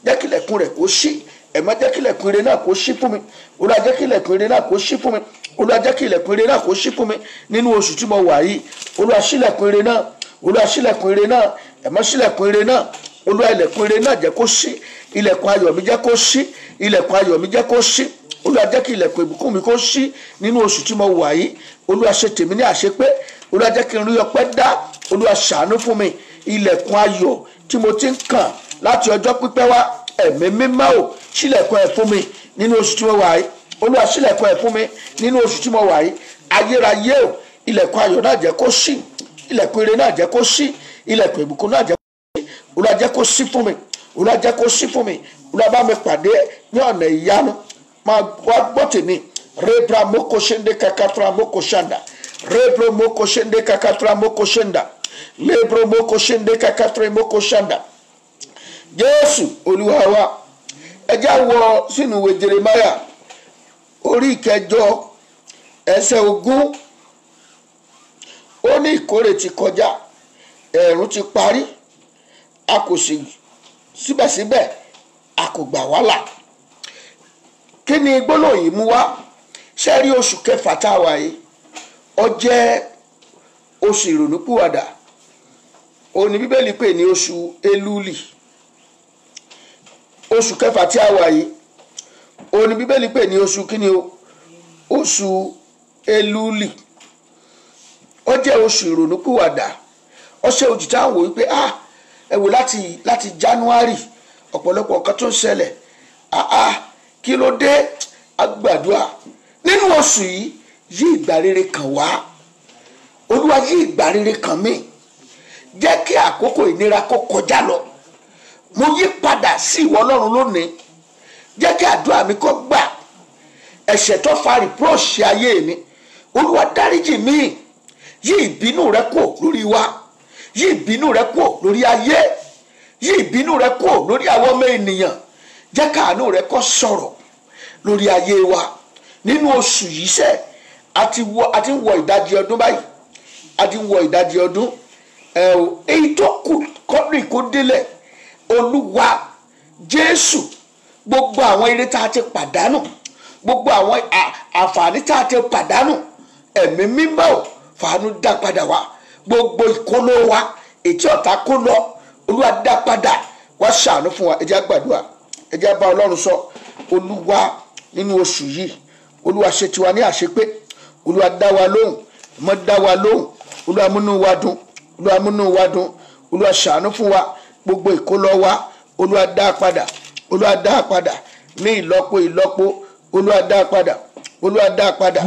jẹ́ kílẹ̀kùn rẹ̀ kó ṣí ẹ má jẹ́ kílẹ̀kùn ire náà kó ṣí fún mi olúwa jẹ́ kílẹ̀kùn ire náà kó ṣí fún mi olúwa jẹ́ kílẹ̀kùn ire náà kó ṣí fún mi nínú oṣù tí mo wà yìí olúwa ṣílẹ̀kùn ire náà olúwa ṣílẹ̀kùn ire náà ẹ má ṣílẹ̀kùn náà olúwa ilẹ̀kùn ire náà jẹ́ kó ṣí ilẹ̀kùn ayọ̀ mi jẹ́ kó ṣí ilẹ̀kùn ayọ̀ mi jẹ́ kó ṣí olúwa jẹ́ kí ilẹ̀kùn ìbùkún mi kó ṣí nínú oṣù tí mo wà yìí olúwa ṣe tèmi ní àṣepé olúwa jẹ́ kí n rí ọpẹ́ dá olúwa ṣàánú fún mi ilẹ̀kùn ayọ̀ tí mo ti ń kàn láti ọjọ́ pípẹ́ wá ẹ̀mí mímọ́ ò ṣílẹ̀kùn ẹ̀ fún mi nínú oṣù tí mo wà yìí olúwa ṣílẹ̀kùn ẹ̀ fún mi nínú oṣù tí mo wà yìí ayérayé ò ilẹ̀kùn ayọ̀ náà jẹ́ kó ṣí ilẹ̀kùn ire náà jẹ́ kó ṣí ilẹ̀kùn ìbùkún náà jẹ́ kó ṣí olúwa jẹ́ kó ṣí fún mi olúwa jẹ́ kó ṣí fún mi olúwa bá mi pàdé ní ọ̀nà ìyanu máa gbọ́ tèmi rebra moko sende kakatra moko shanda rebro moko sende kakatra moko shanda lebro moko sende kakatra moko shanda jésù olúwa wa ẹjá wọ sínú ìwé jeremaya orí ìkẹjọ ẹsẹ̀ ogún ó ní ìkórè ti kọjá ẹ̀rùn ti parí a kò sì síbẹ̀síbẹ̀ a kò gbà wá kí ni gbólóyìn mú wá sẹ́rí oṣù kẹfà tá yìí ó jẹ́ oṣù ìrònúpìwàdà òun ni bíbélì pè ní oṣù elúlì oṣù kẹfà tí a wà yìí ni bíbélì pè ní oṣù o oṣù elúlì ó jẹ́ oṣù ìrònúpìwàdà ó ṣe òjì tá wípé ah, kí ló dé agbàdúrà nínú oṣù yìí yí ìgbà rere kàn wá olúwa yí ìgbà rere kàn mí jẹ́ kí àkókò ìnira kó kọjá lọ mo yí padà sí ìwọ ọlọ́run lónìí jẹ́ kí àdúrà mi kó gbà ẹ̀ṣẹ̀ tó fa rìpróòṣì ayé mi olúwa dáríjì mi yí ìbínú rẹ kò lórí wa yí ìbínú rẹ kò lórí ayé yí ìbínú rẹ kò lórí àwọn ọmọ ènìyàn jẹ́ káàánú rẹ kó sọ̀rọ̀ lórí ayé wa nínú oṣù yìí sẹ́ a ti wọ ìdajì ọdún báyìí a ti wọ ìdajì ọdún èyí tó kù kọ́nù ìkódélẹ̀ olúwa jésù gbogbo àwọn eré tá a ti pàdánù gbogbo àwọn àǹfààní tá a ti pàdánù ẹ̀mí mímọ́ ò fàánú dá padà wá gbogbo ìkóló wa ètí ọ̀tá kó lọ olúwa dá padà wá ṣàánú fún wa ẹ jẹ́ á gbàdúrà ẹ jẹ́ bá ọlọ́run sọ olúwa nínú oṣù yìí olúwa ṣe tiwa ní àṣepé olúwa dá wa lóhùn mọ́ dá wa lóhùn olúwa múnú wa dùn olúwa múnú wa dùn olúwa ṣàánú fún wa gbogbo ìkólọ wa olúwa dá a padà olúwa dá a padà ní ìlọ́po ìlọ́po olúwa dá padà olúwa dá padà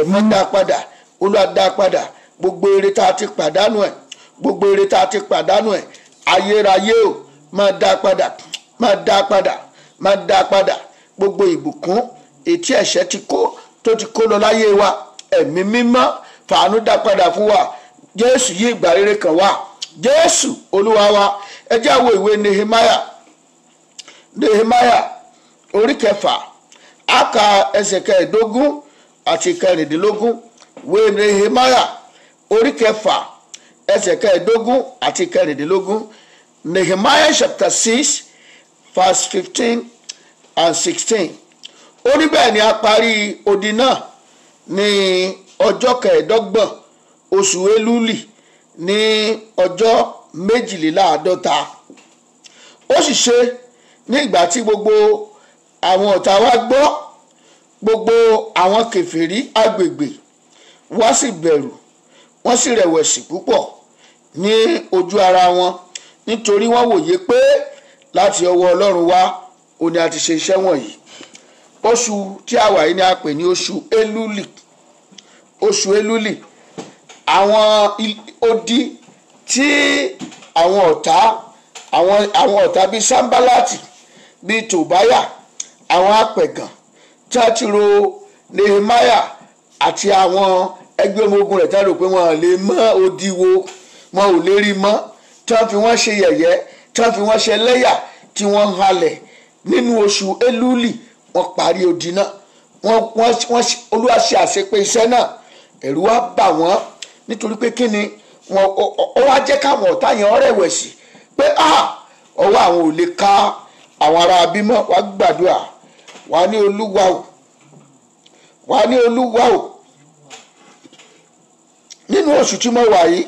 ẹ̀mọ́ dá padà olúwa dá padà gbogbo èrè tá a ti pàdánù ẹ̀ gbogbo èrè tá a ti pàdánù ẹ̀ ayérayé o máa dá padà máa dá padà máa dá a padà gbogbo ìbùkún ètí ẹ̀ṣẹ̀ ti kó tó ti kó lọ láyé wa ẹ̀mí mímọ́ fàánú dá padà fún wa jésù yí ìgbà rere kan wá jésù olúwa wa ẹ jẹ́ ìwé nehemiah nehemiah orí kẹfà aka ka ẹsẹ̀ kẹẹ̀ẹ́dógún àti kẹrìndínlógún ìwé nehemiah orí kẹfà ẹsẹ̀ kẹẹ̀ẹ́dógún àti kẹrìndínlógún nehemiah chapter six verse fifteen and sixteen ó ni a parí odi náà ní ọjọ́ kẹẹ̀ẹ́dọ́gbọ̀n oṣù elúlì ní ọjọ́ méjìléláàádọ́ta ó sì ṣe ní ìgbà tí gbogbo àwọn ọ̀tá wa gbọ́ gbogbo àwọn kèfèrí agbègbè wá sì bẹ̀rù wọ́n sì rẹ̀wẹ̀sì púpọ̀ ní ojú ara wọn nítorí wọ́n wòye pé láti ọwọ́ ọlọ́run wá òun ni a ti ṣe iṣẹ́ wọ̀nyí oṣù tí a wà yìí ni a pè ní oṣù elúlì oṣù elúlì àwọn odi tí àwọn ọ̀tá àwọn àwọn ọ̀tá bíi sambalati bíi tòbáyà àwọn apẹ̀gàn tí a ti ro nehemiah àti àwọn ẹgbẹ́ ọmọ ogun rẹ̀ tí a rò pé wọn lè mọ odi wo wọn ò lè rí mọ́ tí wọ́n fi wọ́n ṣe yẹ̀yẹ́ tí wọ́n fi wọ́n ṣe lẹ́yà tí wọ́n halẹ̀ nínú oṣù elúlì wọ́n parí odi náà wọ́n wọ́n olúwa ṣe àṣepé iṣẹ́ náà ẹ̀rù wá bà wọ́n nítorí pé kí ni wọ́n ó wá jẹ́ káwọn ọ̀tá yẹn rẹ̀wẹ̀sì pé ọwọ́ àwọn ò lè ka àwọn ará abímọ wàá gbàdúrà wàá ní olúwa o wàá ní olúwa o nínú oṣù tí mo wà yìí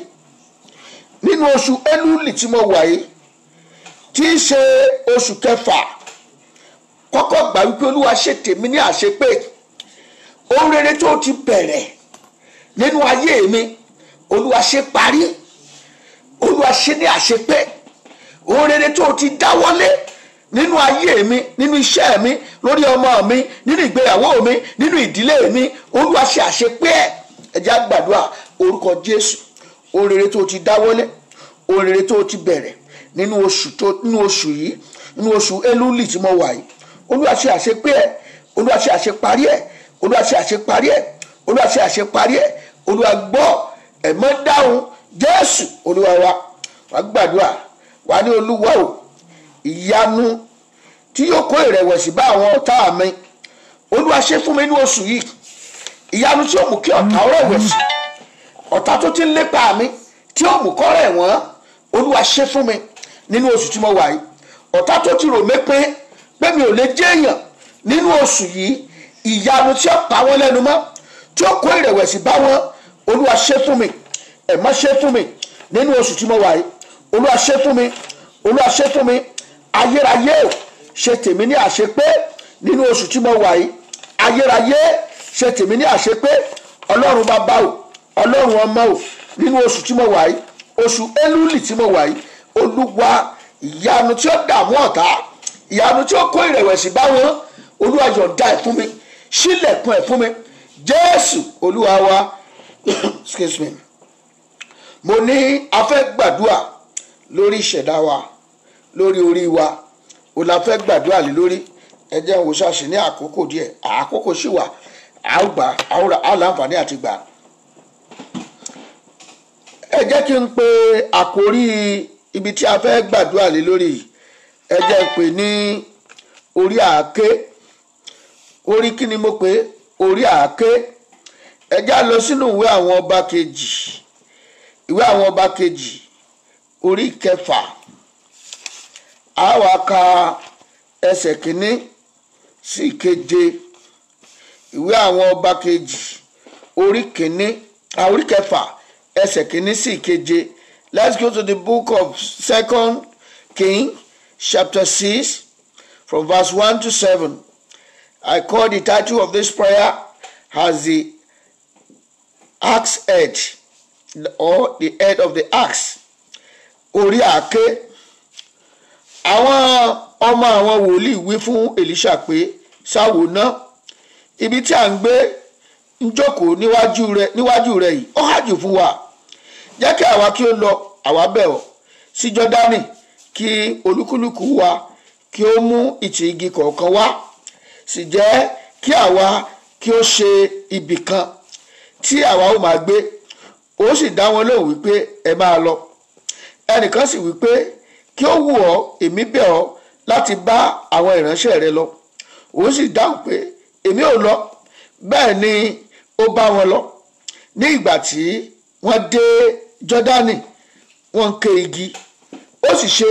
nínú oṣù elúlì tí mo wà yìí tí í ṣe oṣù kẹfà kọ́kọ́ gbà wípé olúwa ṣe tèmi ní àṣepé ohun rere tó ti bẹ̀rẹ̀ nínú ayé mi olúwa ṣe parí olúwa ṣe ní àṣepé ohun rere tó ti dáwọ́lé nínú ayé mi nínú iṣẹ́ mi lórí ọmọ mi nínú ìgbéyàwó mi nínú ìdílé mi olúwa ṣe àṣepé ẹ ẹjá gbàdúrà orúkọ jésù ohun rere tó ti dáwọ́lé ohun rere tó ti bẹ̀rẹ̀ nínú oṣù tó nínú oṣù yìí nínú oṣù elúlì tí mo wà yìí olúwa ṣe àṣepé ẹ olúwa ṣe àṣeparí ẹ olúwa ṣe àṣeparí ẹ olúwa ṣe àṣeparí ẹ olúwa gbọ́ ẹ̀mọ́ dáhùn jésù olúwa wa wà gbàdúrà wà ní olúwa o ìyanu tí yóò kó ìrẹ̀wẹ̀sì bá àwọn ọ̀tá mi olúwa ṣe fún mi ní oṣù yìí ìyanu tí ó mú kí ọ̀tá rẹ̀wẹ̀sì ọ̀tá tó ti ń lépa mi tí ó mú kọ́ rẹ̀ wọ́n olúwa ṣe fún mi nínú oṣù tí mo wà yìí ọ̀tá tó ti rò mí pé pé mi ò lè jẹ́ èèyàn nínú oṣù yìí ìyanu tí ó pa wọ́n lẹ́nu mọ́ tí ó kó ìrẹ̀wẹ̀sì bá wọn olúwa ṣe fún mi ẹ má ṣe fún mi nínú oṣù tí mo wà yìí olúwa ṣe fún mi olúwa ṣe fún mi ayérayé o ṣe tèmi ní àṣepé nínú oṣù tí mo wà yìí ayérayé ṣe tèmi ní àṣepé ọlọ́run bàbá o ọlọ́run ọmọ o nínú oṣù tí mo wà yìí oṣù elúlì tí mo wà yìí olúwa ìyanu tí ó dààmú ọ̀tá ìyanu tí ó kó ìrẹ̀wẹ̀sì bá wọn olúwa yọ̀ǹda ẹ̀ fún mi ṣílẹ̀kùn ẹ̀ fún mi jésù olúwa wa excuse me mo ní a fẹ́ gbàdúrà lórí ìṣẹ̀dá wa lórí orí wa o la fẹ́ gbàdúrà lé lórí ẹ jẹ́ n wo ṣáṣì ní àkókò díẹ̀ àkókò ṣì wà á gbà á láǹfààní àti gbà ẹ jẹ́ kí n pe àkórí ibi tí a fẹ́ gbàdúrà lé lórí ẹ jẹ́ n pè ní orí àáké orí kí ni mo pè orí àáké ẹ já lọ sínú ìwé àwọn ọba kejì ìwé àwọn ọba kejì orí kẹfà a wá ka ẹsẹ̀ kínní sí ìkeje ìwé àwọn ọba kejì orí kínní orí kẹfà ẹsẹ̀ kínní sí ìkeje. Si Let's go to the book of Second King, chapter 6, from verse 1 to 7. I call the title of this prayer as the axe Edge" or the head of the axe. Orí àáké. Àwọn ọmọ àwọn wòlíì wí fún Èlíṣà pé sáwo ná. Ibi tí à ń gbé ń jókòó níwájú rẹ̀ yìí, ó hàjù fún wa jẹ́ kí àwa kí ó lọ àwa bẹ̀ ọ́ sí jọ́dánì kí olúkúlùkù wa kí ó mú ìtì igi kọ̀ọ̀kan wá sì jẹ́ kí àwa kí ó ṣe ibì kan tí àwa ó máa gbé ó sì dá wọn lóhùn wípé ẹ máa lọ ẹnìkan sì wípé kí ó wù ọ́ èmi bẹ̀ ọ́ láti bá àwọn ìránṣẹ́ rẹ lọ ó sì dáhùn pé èmi ò lọ bẹ́ẹ̀ ni ó bá wọn lọ ní ìgbà tí wọ́n dé jọdani wọ́n ń igi ó si ṣe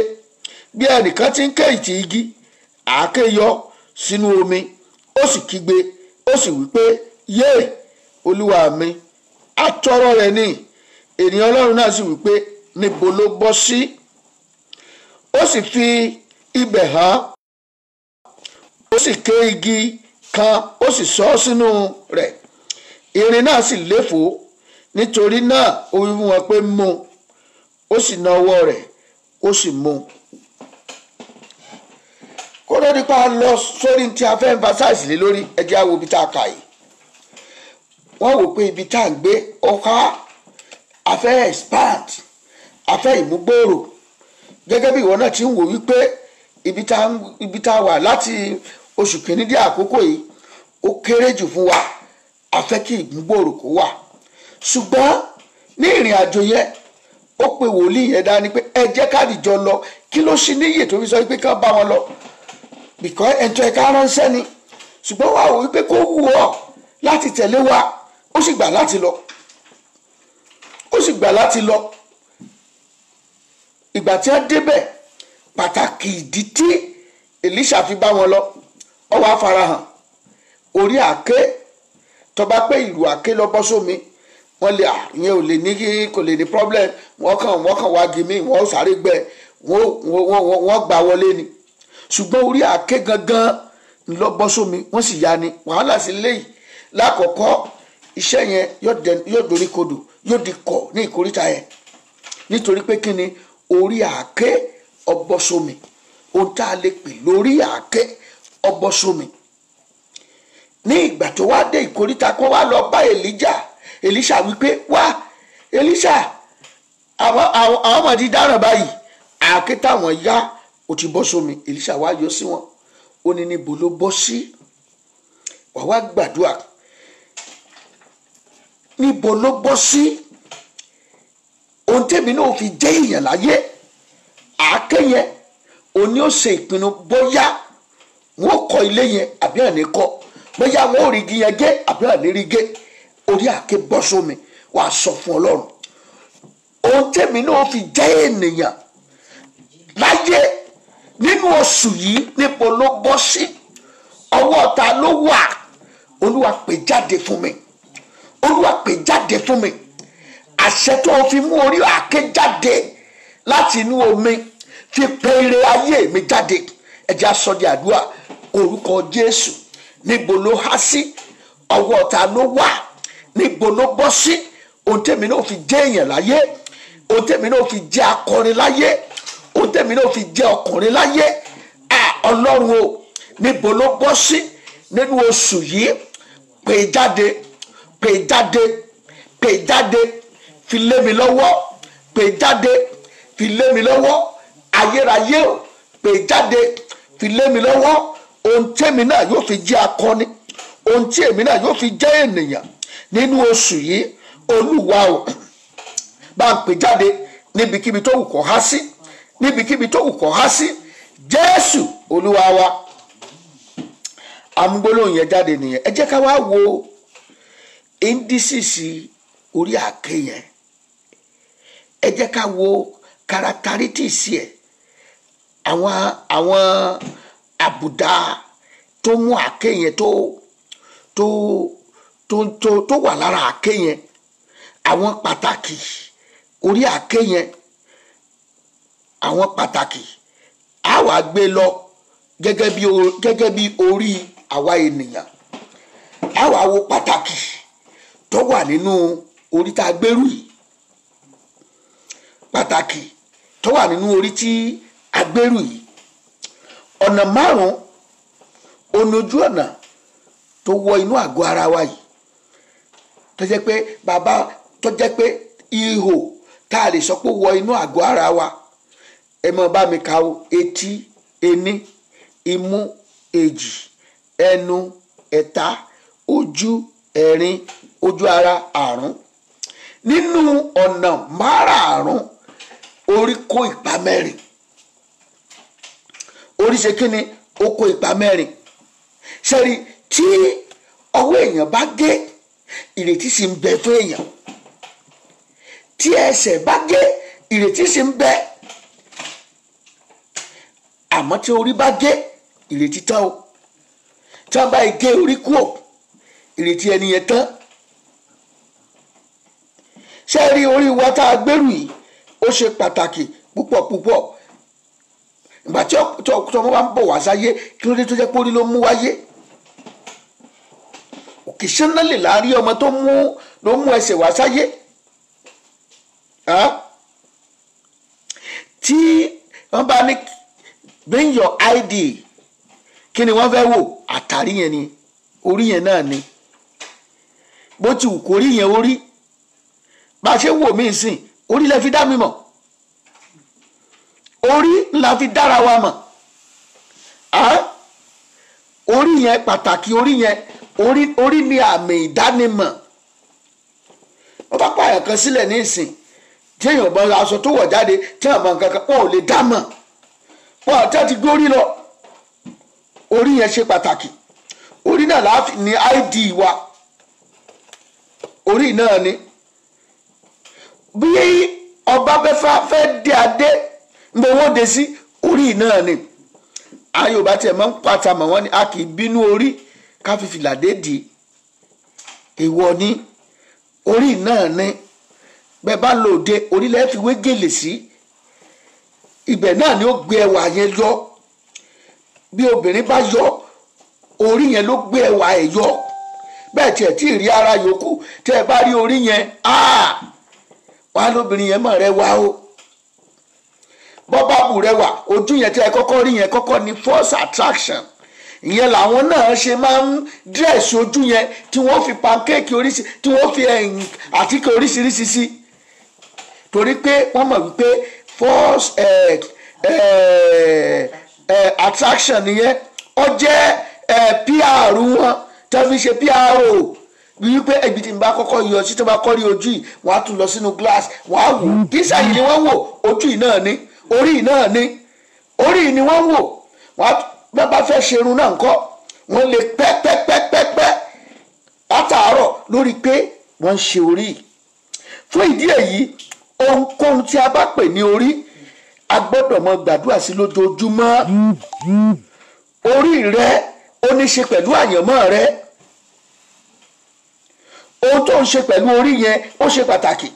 bí ẹnìkan ti nke ké igi àáké yọ sinu omi o si kigbe o si wipe yéè oluwa mi àtọrọ rẹ ni eniyan ọlọ́run naa si wípé níbo ló bọ́ sí ó si fi ibẹ ha o si ke igi kan o si sọ sinu rẹ rẹ̀ irin si sì nítorí náà ó wí fún wọn pé mú ó sì na ọwọ́ rẹ̀ ó sì mú kó ló nípa lọ sórí tí a fẹ́ emphasize lé lórí ẹjẹ́ àwo ibi tá a kà yìí wọ́n wò pé ibi tá à ń gbé ọ̀ká a fẹ́ expand a fẹ́ ìmúgbòòrò gẹ́gẹ́ bí ìwọ náà ti ń wò wípé ibi tá a wà láti oṣù kìíní dé àkókò yìí ó kéré jù fún wa a kí ìmúgbòòrò kó wà ṣùgbọ́n ní ìrìn àjò yẹn ó pe wòlíì yẹn dání pé ẹ jẹ́ ká dìjọ lọ kí ló ṣe níyè tó fi sọ pé ká bá wọn lọ bìkọ́ ẹ̀tọ́ ẹ̀ka ránṣẹ́ ni ṣùgbọ́n wà wò wípé kó wù ọ́ láti tẹ̀lé wa ó sì gbà láti lọ ó sì gbà láti lọ ìgbà tí a débẹ̀ pàtàkì ìdí tí Èlíṣà fi bá wọn lọ ó wá farahàn orí àáké tó pé ìlú àáké lọ bọ́ sómi. So wọ́n lè à ìyẹn ò lè ní kò lè ní problem wọ́n kàn wọ́n kàn wá gimi wọ́n sáré gbẹ wọ́n gbà wọlé ni ṣùgbọ́n orí àké gangan lọ bọ́ sómi wọ́n sì ya ni wàhálà sí léyìí lákọ̀ọ́kọ́ iṣẹ́ yẹn yóò dorí kodò yóò di kọ̀ ní ìkóríta yẹn nítorí pé kí ni orí àké ọbọ̀ sómi ohun tá a lè pè lórí àké ọbọ̀ sómi ní ìgbà tó wá dé ìkóríta kó wá lọ bá Èlíjà Èlíṣà wípé wá Èlíṣà àwọn ọmọ ti dáràn báyìí àáké táwọn yá ó ti bọ́ sómi Èlíṣà wá yọ sí wọn ó ní níbo ló bọ́ sí wàá wá gbàdúrà níbo ló bọ́ sí ohun tèmi náà fi jẹ́ èèyàn láyé àáké yẹn òní ó ṣe ìpinnu bóyá wọn kọ́ ilé yẹn àbí àní kọ́ bóyá wọn ò rí igi yẹn gé àbí àní rí gé orí àké bọ́ sómi wàá sọ fún ọlọ́run ohun tèmi náà fi jẹ́ ènìyàn láyé nínú oṣù yìí níbo ló bọ́ sí ọwọ́ ta ló wà olúwa pè jáde fún mi olúwa pè jáde fún mi àṣẹ tó o fi mú orí àké jáde láti inú omi fi pe ire ayé mi jáde ẹ jẹ́ a sọ di àdúrà orúkọ jésù níbo ló há sí ọwọ́ ta ló wà níbo ló bọ́ sí ohun tèmi náà fi jẹ́ èèyàn láyé ohun tèmi náà fi jẹ́ akọrin láyé ohun tèmi náà fi jẹ́ ọkùnrin láyé ọlọ́run o níbo ló bọ́ sí nínú oṣù yìí pè jáde pè jáde pè jáde fi lé mi lọ́wọ́ pè jáde fi lé mi lọ́wọ́ ayérayé o pè jáde fi lé mi lọ́wọ́ ohun tèmi náà yóò fi jẹ́ akọni ohun tí èmi náà yóò fi jẹ́ ènìyàn nínú oṣù yìí olúwa o bá ń pè jáde níbikíbi tó wù kó há sí níbikíbi tó wù kó há sí jésù olúwa wa amúgbólóhùn yẹn jáde nìyẹn ẹ jẹ́ ká wá wo indisisi orí àáké yẹn ẹ jẹ́ ká wo karakitarítìsì ẹ̀ àwọn àwọn àbùdá tó mú àáké yẹn tó tó tó wà lára àáké yẹn àwọn pàtàkì orí àáké yẹn àwọn pàtàkì á wà gbé lọ gẹ́gẹ́ bí orí àwa ènìyàn á wà wo pàtàkì tó wà nínú orí tá a gbérù yìí pàtàkì tó wà nínú orí tí a gbérù yìí ọ̀nà márùn-ún onojú ọ̀nà tó wọ inú àgọ́ ara wa yìí tó jẹ́ pé bàbá tó jẹ́ pé ihò tá a lè sọ pé wọ inú àgọ́ ara wa ẹ mọ bá mi ka o etí ení imú èjì ẹnu ẹ̀ta ojú ẹ̀rin ojú ara àrùn nínú ọ̀nà márààrún orí kó ìpá mẹ́rin orí ṣe kí ni ó kó ìpá mẹ́rin ṣẹ́ri tí ọwọ́ èèyàn bá gé ìrètí sì ń bẹ fún èèyàn tí ẹsẹ̀ bá gé ìrètí sì ń bẹ àmọ́ tí orí bá gé ìrètí tán o tí wọ́n bá gé orí kú ò ìrètí ẹni yẹn tán ṣé rí orí wa tá a gbèrú yìí ó ṣe pàtàkì púpọ̀ púpọ̀ ìgbà tí ọmọ bá ń bọ̀ wá sáyé kí ló dé tó jẹ́ pé orí ló mú wáyé òkèṣánálè láàrí ọmọ tó mú ló mú ẹsẹ̀ wá sáyé tí wọ́n bá ní bring your id kí ni wọ́n fẹ́ wò àtàrí yẹn ni orí yẹn náà ni bó ti wù kó rí yẹn orí bá a ṣe wò mí sìn orí lẹ fi dá mi mọ̀ orí la fi dára wa mọ̀ orí yẹn pàtàkì orí yẹn orí orí ni àmì ìdánimọ̀ wọ́n bá pààyàn kan sílẹ̀ ní ìsìn tí èèyàn bá aṣọ tó wọ̀ jáde tí èèyàn bá nǹkan kan wọn ò lè dá mọ̀ àti àti gbórí lọ orí yẹn ṣe pàtàkì orí náà láàfin ni id wa orí náà ni bí ọba fẹ́fà fẹ́ dé adé ń bọ owó de sí orí náà ni àwọn Yorùbá tiẹ̀ máa ń pàtàmọ̀ wọn ni a kì í bínú orí ká fi fìlà dédìí èèwọ̀ ni orí náà ni bẹ́ẹ̀ bá lòde orílẹ̀ fi wé gèlè sí ibẹ̀ náà ni ó gbé ẹwà yẹn yọ bí obìnrin bá yọ orí yẹn ló gbé ẹwà ẹ̀ yọ bẹ́ẹ̀ tiẹ̀ tí ì rí ara yòókù tẹ́ ẹ bá rí orí yẹn wá lóbìnrin yẹn mọ̀ rẹwà o bọ́bá bù rẹwà ojú yẹn tẹ́ ẹ kọ́kọ́ rí yẹn kọ́kọ́ ni first attraction ìyẹn làwọn náà ṣe máa ń dírẹ̀sì ojú yẹn tí wọ́n fi pankéèkì oríṣi tí wọ́n fi ẹ̀yìn àtíkè oríṣiríṣi sí torí pé wọ́n mọ̀ wípé false eh, eh, eh, attraction nìyẹn ó jẹ́ eh, pr wọn tẹ́ fi ṣe pro wípé ẹbí tí n bá kọ́kọ́ yọ sí tó bá kọ́ rí ojú yìí wọ́n á tún lọ sínú glass wọ́n á wò kí sàyè ni wọ́n wò ojú yìí náà ni orí yìí náà ni orí yìí ni wọ́n wò wọ́n á tún bá bá fẹ́ ṣerun náà ńkọ́ wọ́n lè pẹ́pẹ́pẹ́pẹ́ látàárọ̀ lórí pé wọ́n ń ṣe orí fún ìdí èyí ohunkóhun tí a bá pè ní orí a gbọ́dọ̀ mọ gbàdúrà sí lójoojúmọ́ orí rẹ ó ní ṣe pẹ̀lú àyànmọ́ rẹ ohun tó ń ṣe pẹ̀lú orí yẹn ó ṣe pàtàkì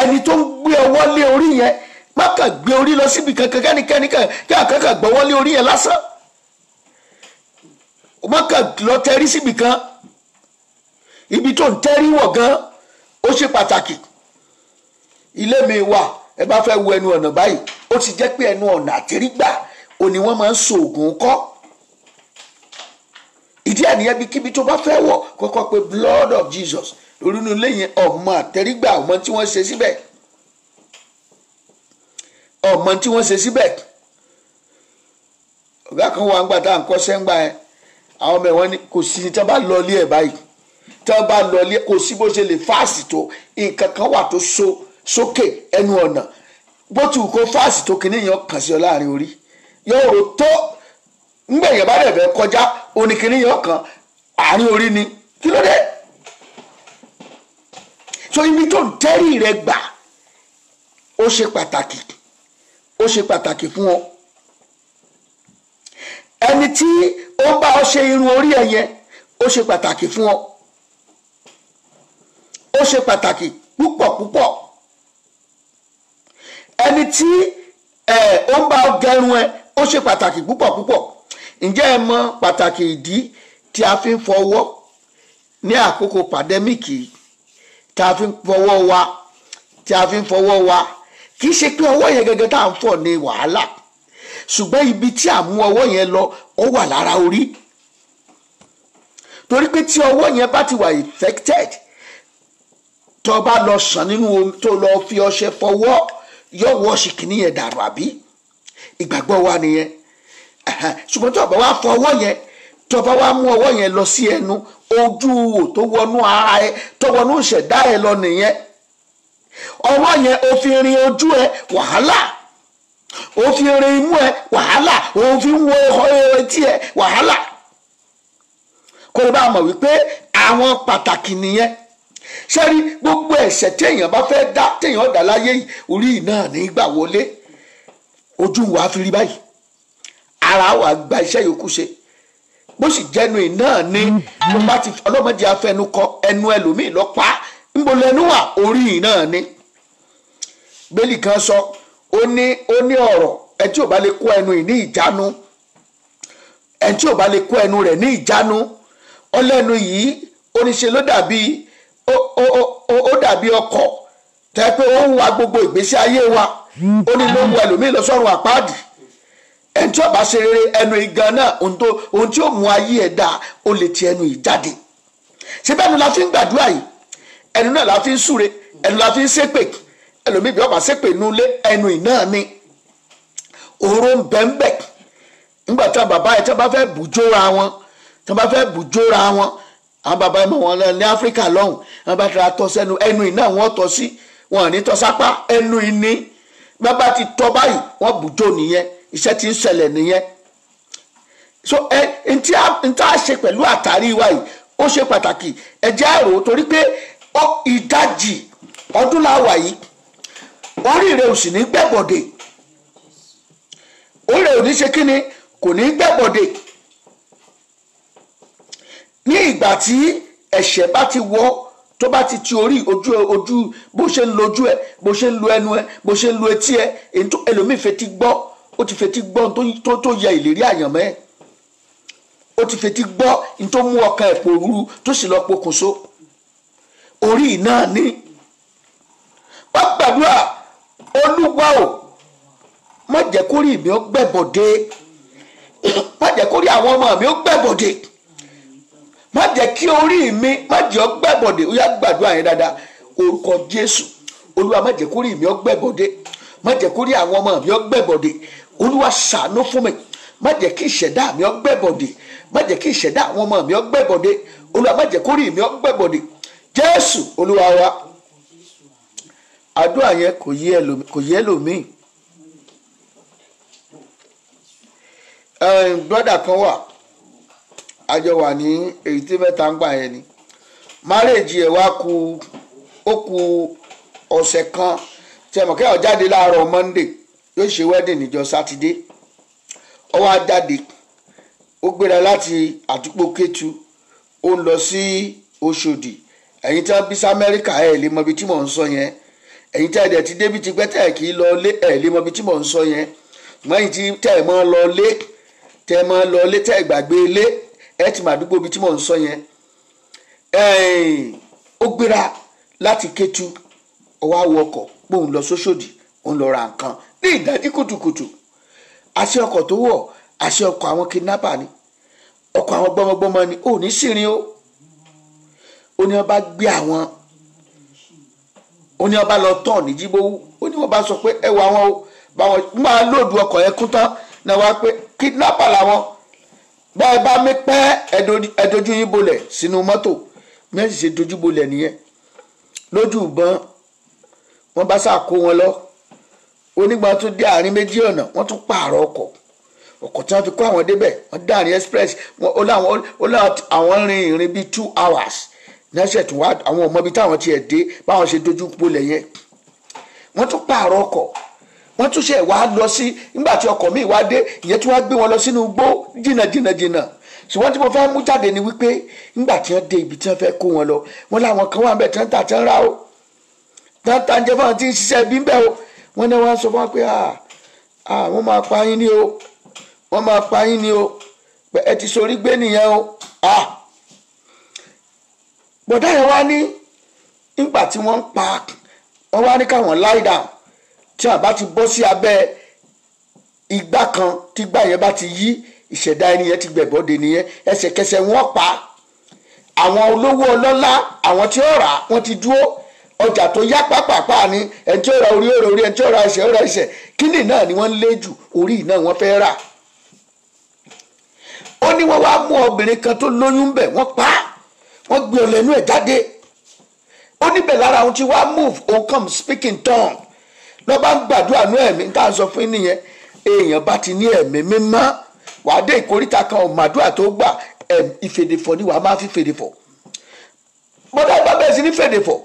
ẹni tó ń gbé ọwọ́ lé orí yẹn má kàn gbé orí lọ síbi kankan kẹ́nikẹ́ni kí àkàkà gbọ́wọ́lé orí ẹ̀ lásán má kàn lọ tẹrí síbi kan ibi tó ń tẹrí wọ̀ gan ó ṣe pàtàkì ilé mi wà ẹ bá fẹ́ wo ẹnu ọ̀nà báyìí ó ti jẹ́ pé ẹnu ọ̀nà àtẹrígbà òní wọ́n máa ń so oògùn kọ́ ìdí àníyàn bí kíbi tó bá fẹ́ wọ̀ kọ́kọ́ pé blood of Jesus lórínú lẹ́yìn ọmọ àtẹrígbà ọmọ tí wọ́n ṣe síbẹ̀. Si ọmọ tí wọ́n ṣe síbẹ̀ ọ̀gá kan wà ń gbà tá à ń kọ́ sẹ́ńgbà ẹ̀ àwọn ọmọ ẹ̀wọ̀n ni kò sí ní tí wọ́n bá lọ ilé ẹ̀ báyìí tí wọ́n bá lọ ilé kò sí bó ṣe lè fáàsì tó nǹkan kan wà tó so sókè ẹnu ọ̀nà bó ti wù kó fáàsì tó kìíní yẹn kàn sí ọ láàrin orí yóò rò tó ngbẹ̀yìn bá dẹ̀ fẹ́ kọjá oníkìíní yẹn kàn àárín orí ni kí ló dé so ibi tó ń tẹ́rì rẹ gbà ó ṣe pàtàkì ó ṣe pàtàkì fún ọ ẹni tí ó bá ọ ṣe irun orí ẹ yẹn ó ṣe pàtàkì fún ọ ó ṣe pàtàkì púpọ̀ púpọ̀ ẹni tí ẹ ó ń bá ọ gẹrun ẹ ó ṣe pàtàkì púpọ̀ púpọ̀ ǹjẹ́ ẹ mọ pàtàkì ìdí tí a fi ń fọwọ́ ní àkókò pàdémìkì tá a fi ń fọwọ́ wa tí a fi ń fọwọ́ wa kì í ṣe pé ọwọ́ yẹn gẹ́gẹ́ tá à ń fọ̀ ní wàhálà ṣùgbọ́n ibi tí à ń mú ọwọ́ yẹn lọ ó wà lára orí torí pé tí ọwọ́ yẹn bá ti wà infected tó bá lọ sàn nínú omi tó lọ fi ọṣẹ fọwọ́ yóò wọ́ọ̀ṣì kìíní yẹn dànù àbí ìgbàgbọ́ wa nìyẹn ṣùgbọ́n tó bá wá fọ ọwọ́ yẹn tó bá wá mú ọwọ́ yẹn lọ sí ẹnu ojú wò tó wọnú ara ẹ tó wọnú ìṣẹ̀dá ẹ lọ nìyẹn ọwọ́ yẹn o fi rin ojú ẹ wàhálà o fi rin imú ẹ wàhálà o fi ń wo etí ẹ wàhálà kó o bá mọ̀ wípé àwọn pàtàkì nìyẹn sẹ́rí gbogbo ẹ̀ṣẹ̀ téèyàn bá fẹ́ dá téèyàn dá láyé yìí orí náà ní gbà wọlé ojú wa fi rí báyìí ara wa gba iṣẹ́ yòókù ṣe bó sì jẹ́nu ì ni ọlọ́mọdé afẹnukọ ẹnu ẹlòmíì lọ́pàá nbọ lẹnu wà orí yìí náà ni bẹ́ẹ̀lì kan sọ ó ní ó ní ọ̀rọ̀ ẹ tí ò bá lè kó ẹnu yìí ní ìjánu ẹ tí ò bá lè kó ẹnu rẹ̀ ní ìjánu ọlẹ́nu yìí oníṣe ló dàbí ó ó ó ó dàbí ọkọ̀ tẹ́ pé ó ń wa gbogbo ìgbésí ayé wa ó ní ló ń wa ẹlòmíì lọ àpáàdì ẹ ò bá ṣe rere ẹnu ìgan náà ohun tí ó mú ayé ẹ̀ dáa ó lè ti ẹnu yìí jáde bẹ́ẹ̀ ni la fi ń gbàdúrà yìí ẹnu náà la fi ń súre ẹnu la fi ń ṣépè ẹlòmíì bí ọba ṣépè nulẹ̀ ẹnu ìnáà ni òru ń bẹ́ ń bẹ̀ nígbà tí àwọn bàbá yẹn tí wọ́n bá fẹ́ bùjóra wọn tí wọ́n bá fẹ́ bùjóra wọn àwọn bàbá yẹn mọ̀ wọn ní áfíríkà lọ́hùn wọn bá tẹ̀ra tọ́ sẹ́nu ẹnu ìnáà wọn tọ́ sí wọn ní tọ́ sápá ẹnu ìní bàbá ti tọ́ báyìí wọ́n bùjó nìyẹn iṣẹ́ ti ń ṣẹlẹ̀ nìyẹn so ẹ ntí a ṣe pẹ̀lú àtàrí wa yìí ó ṣe pàtàkì ẹ jẹ́ àrò torí pé ìdajì ọdún láwà yìí wọ́n rí ìrẹ̀ òsì ní gbẹ̀bọ̀dẹ̀ orí rẹ̀ ò ní ṣe kí ni kò ní gbẹ̀bọ̀dẹ̀ ní ìgbà tí ẹ̀ṣẹ̀ bá ti wọ́ tó bá ti ti orí ojú ẹ ojú bó ṣe ń lo ojú ẹ bó ṣe ń lo ẹnu ẹ bó ṣe ń lo etí ẹ ẹlòmíì fetí gbọ́ ó ti fetí gbọ́ tó tó yẹ ìlérí àyànmọ́ ó ti fetí gbọ́ ní tó mú ọkàn ẹ̀ pòrúurú tó sì lọ pokùnso orí náà ní wọ́n gbàdúrà olúwa o má jẹ́ kórì mi ó gbẹ̀bọ̀dé má jẹ́ kórì àwọn ọmọ mi ó gbẹ̀bọ̀dé má jẹ́ kí orí mi má jẹ́ ó gbẹ̀bọ̀dé ó yá gbàdúrà yẹn dáadáa orúkọ Jésù olúwa má jẹ́ kórì mi ó gbẹ̀bọ̀dé má jẹ́ kórì àwọn ọmọ mi ó gbẹ̀bọ̀dé olúwa ṣàánú fún mi má jẹ́ kí ìṣẹ̀dá mi ó gbẹ̀bọ̀dé má jẹ́ kí ìṣẹ̀dá àwọn ọmọ mi ó gbẹ̀bọ̀dé olúwa má jẹ́ kórì mi ó gbẹ̀bọ̀dé jésù olúwa wa àdúrà yẹn kò yé ẹlòmíì brọ́dà kan wà àjọ wà ní èyí tí mẹ́ta ń gbà yẹn ni márèèjì ẹ̀ wá ku ó ku ọ̀sẹ̀ kan tí ẹ mọ̀ kí ẹ̀ jáde láàárọ̀ monday yóò ṣe wedding níjọ́ sátidé ó wá jáde ó gbéra láti àdúgbò kétu ó ń lọ sí Ọ̀ṣọ́dì ẹ̀yin tí wọ́n bí sí amẹ́ríkà ẹ̀ lè mọ ibi tí mò ń sọ yẹn ẹ̀yin tí ẹ̀dẹ̀ ti débi ti gbẹ́tẹ̀ kì í lọ lé ẹ̀ lè mọ ibi tí mò ń sọ yẹn mọ́yìn tí tẹ̀ mọ́ lọ lé tẹ̀ mọ́ lọ lé tẹ̀ gbàgbé lé ẹ̀ ti mà dúgbò ibi tí mò ń sọ yẹn ó gbéra láti Kétu ọwọ́ àwọ̀ ọkọ̀ pòun lọ sóṣòdì òun lọ ra nǹkan ní ìdájí kùtùkùtù àṣẹ ọkọ̀ tó wọ̀ àṣẹ ọkọ̀ àwọn kidnapper ni ọkọ̀ àwọn gbọmọgbọmọ ni ò ní sírin o. Oh, ó ní wọ́n bá gbé àwọn ó ní wọ́n bá lọ tán ní jíbówú ó ní wọ́n bá sọ pé ẹ wà wọn o báwọn máa lòdù ọkọ̀ yẹn kú tán náà wá pé kidnapper làwọn báyìí bá mi pẹ́ ẹ̀dójú yín bolẹ̀ sínú mọ́tò mẹ́sì ṣe dojú bolẹ̀ nìyẹn lójú ìbọn wọ́n bá sá kó wọn lọ onígbà tó dé àárín méjì ọ̀nà wọ́n tún pààrọ̀ ọkọ̀ ọkọ̀ tí wọ́n fi kó àwọn débẹ̀ wọ́n dá àárín express wọ́n ó láwọn rìn ìrìn bíi two hours nẹ́sẹ̀ tó wá àwọn ọmọ bíi táwọn tiẹ̀ dé báwọn ṣe dojú polẹ̀ yẹn wọ́n tún pààrọ̀ ọkọ̀ wọ́n tún ṣe wá lọ sí nígbà tí ọkọ̀ míì wá dé ìyẹn tí wọ́n gbé wọn lọ sínú igbó jìnnà jìnnà jìnnà ṣùgbọ́n tí mo fẹ́ mú jáde ni wípé nígbà tí wọ́n dé ibi tí wọ́n fẹ́ kó wọn lọ wọ́n láwọn kan wà ń tí wọ́n tà tí wọ́n rà o tí jẹ́ fáwọn bọ̀dá yẹn wá ní nígbà tí wọ́n ń pa wọ́n wá ní káwọn lie down tí àbá ti bọ́ sí abẹ́ igbá kan tí gbá yẹn bá ti yí ìṣẹ̀dá ẹni yẹn ti gbẹ̀bọ́dé nìyẹn ẹsẹ̀kẹsẹ̀ wọ́n pa àwọn olówó ọlọ́lá àwọn tí ó rà wọ́n ti dúró ọjà tó yá pàpàpà ni ẹni tí ó ra orí òrò orí ẹni tí ó ra ẹsẹ̀ ó ra ẹsẹ̀ kíni náà ni wọ́n ń lé jù orí náà wọ́n fẹ́ rà ó ní wọ́n wá mú obìnrin kan tó lóyún bẹ̀ wọ́n pa á wọ́n gbé ọ̀lẹ̀ inú ẹ̀ jáde ó níbẹ̀ lára ohun tí wàá move òun come speak in tongue lọ́ bá ń gbàdúrà ní ẹ̀mí tá à ń sọ fún nìyẹn èèyàn bá ti ní ẹ̀mí mímọ́ wàá dé ìkórìtà kan ọ̀màdúrà tó gbà ìfèdèfọ̀ ni wàá máa fi fèdèfọ̀ bọ́dá ìbá bẹ́ẹ̀ sí ní fèdèfọ̀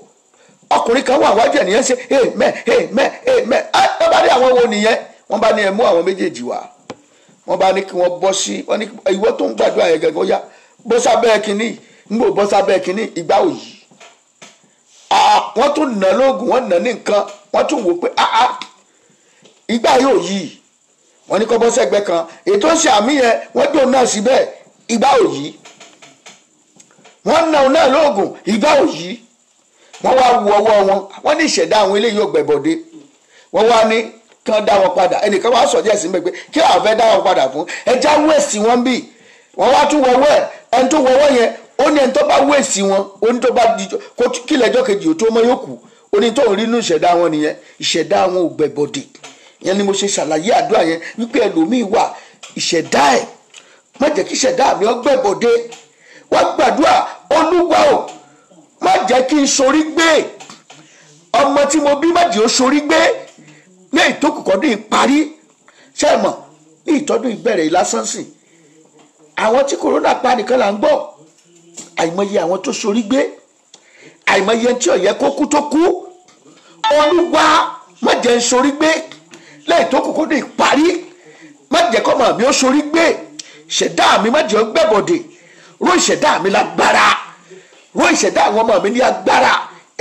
ọkùnrin kan wà wájú ẹ̀nìyẹn ṣe amen amen amen wọ́n bá ní àwọn wo nìyẹn wọ́n bá ní ẹ mú àwọn méjèèjì wá wọ́n bá ní kí wọ́n bọ́ sí wọ́n ní ìwọ tó ń gbàdúrà yẹn gẹ́gẹ́ ó yá bó sábẹ́ kínní yìí nbò bọ́ sábẹ́ kínní ìgbà òyì wọ́n tún nà lóògùn wọ́n nà ní nǹkan wọ́n tún wò pé ah, ah, ìgbà yóò yí wọ́n ní kọ́ bọ́ sẹ́gbẹ́ kan ètò ṣe àmì yẹn wọ́n dùn náà síbẹ̀ ìgbà òyì wọ́n nà òun náà lóògùn ìgbà òyì wọ́n wá wu ọwọ́ wọn wọ́n ní ìṣẹ̀dá àwọn eléyìí ò gbẹ̀bọ̀dé wọ́n wá ní kí wọ́n dá wọn padà ẹnìkan wá sọ̀jẹ́ sí mi pé kí àwọn fẹ́ dá wọn padà fún ẹja wẹ̀sì wọn bì wọ́n wá tún wọ́wọ́ ẹ̀ ẹni tó wọ́wọ́ yẹn ó ní ẹni tó bá wéèsì wọn ó ní tó bá dijọ́ kó kílẹ̀jọ́ kejì ó tó mọ́ yóò kú ó ní tóun rí inú ìṣẹ̀dá wọn nìyẹn ìṣẹ̀dá wọn ò gbẹ̀bọ̀dì yẹn ni mo ṣe ṣàlàyé àdúrà yẹn wípé ẹlòmíì wà ìṣẹ̀dá ẹ̀ má jẹ́ kí ìṣẹ̀dá mi ó gbẹ̀bọ̀dé wá gbàdúrà olúwa o má jẹ́ kí n sorí gbé ọmọ tí mo bí má jẹ́ ó sorí gbé ní ìtókùkọ́dún ìparí ṣẹ́ẹ̀mọ̀ ní ìtọ́dún ìbẹ̀rẹ̀ ìlásán àwọn tí kòrónà pa nìkan là ń gbọ́ àìmọye àwọn tó sorí gbé àìmọye tí ọ̀yẹ́ kó kú tó kú olúwa má jẹ́ ń sorí gbé lẹ́yìn tó kù kó dé parí má jẹ́ kọ́ màmí ó sorí gbé ṣẹ̀dá mi má jẹ́ ó gbẹ̀bọ̀dẹ̀ ró ìṣẹ̀dá mi lágbára ró ìṣẹ̀dá àwọn ọmọ mi ní agbára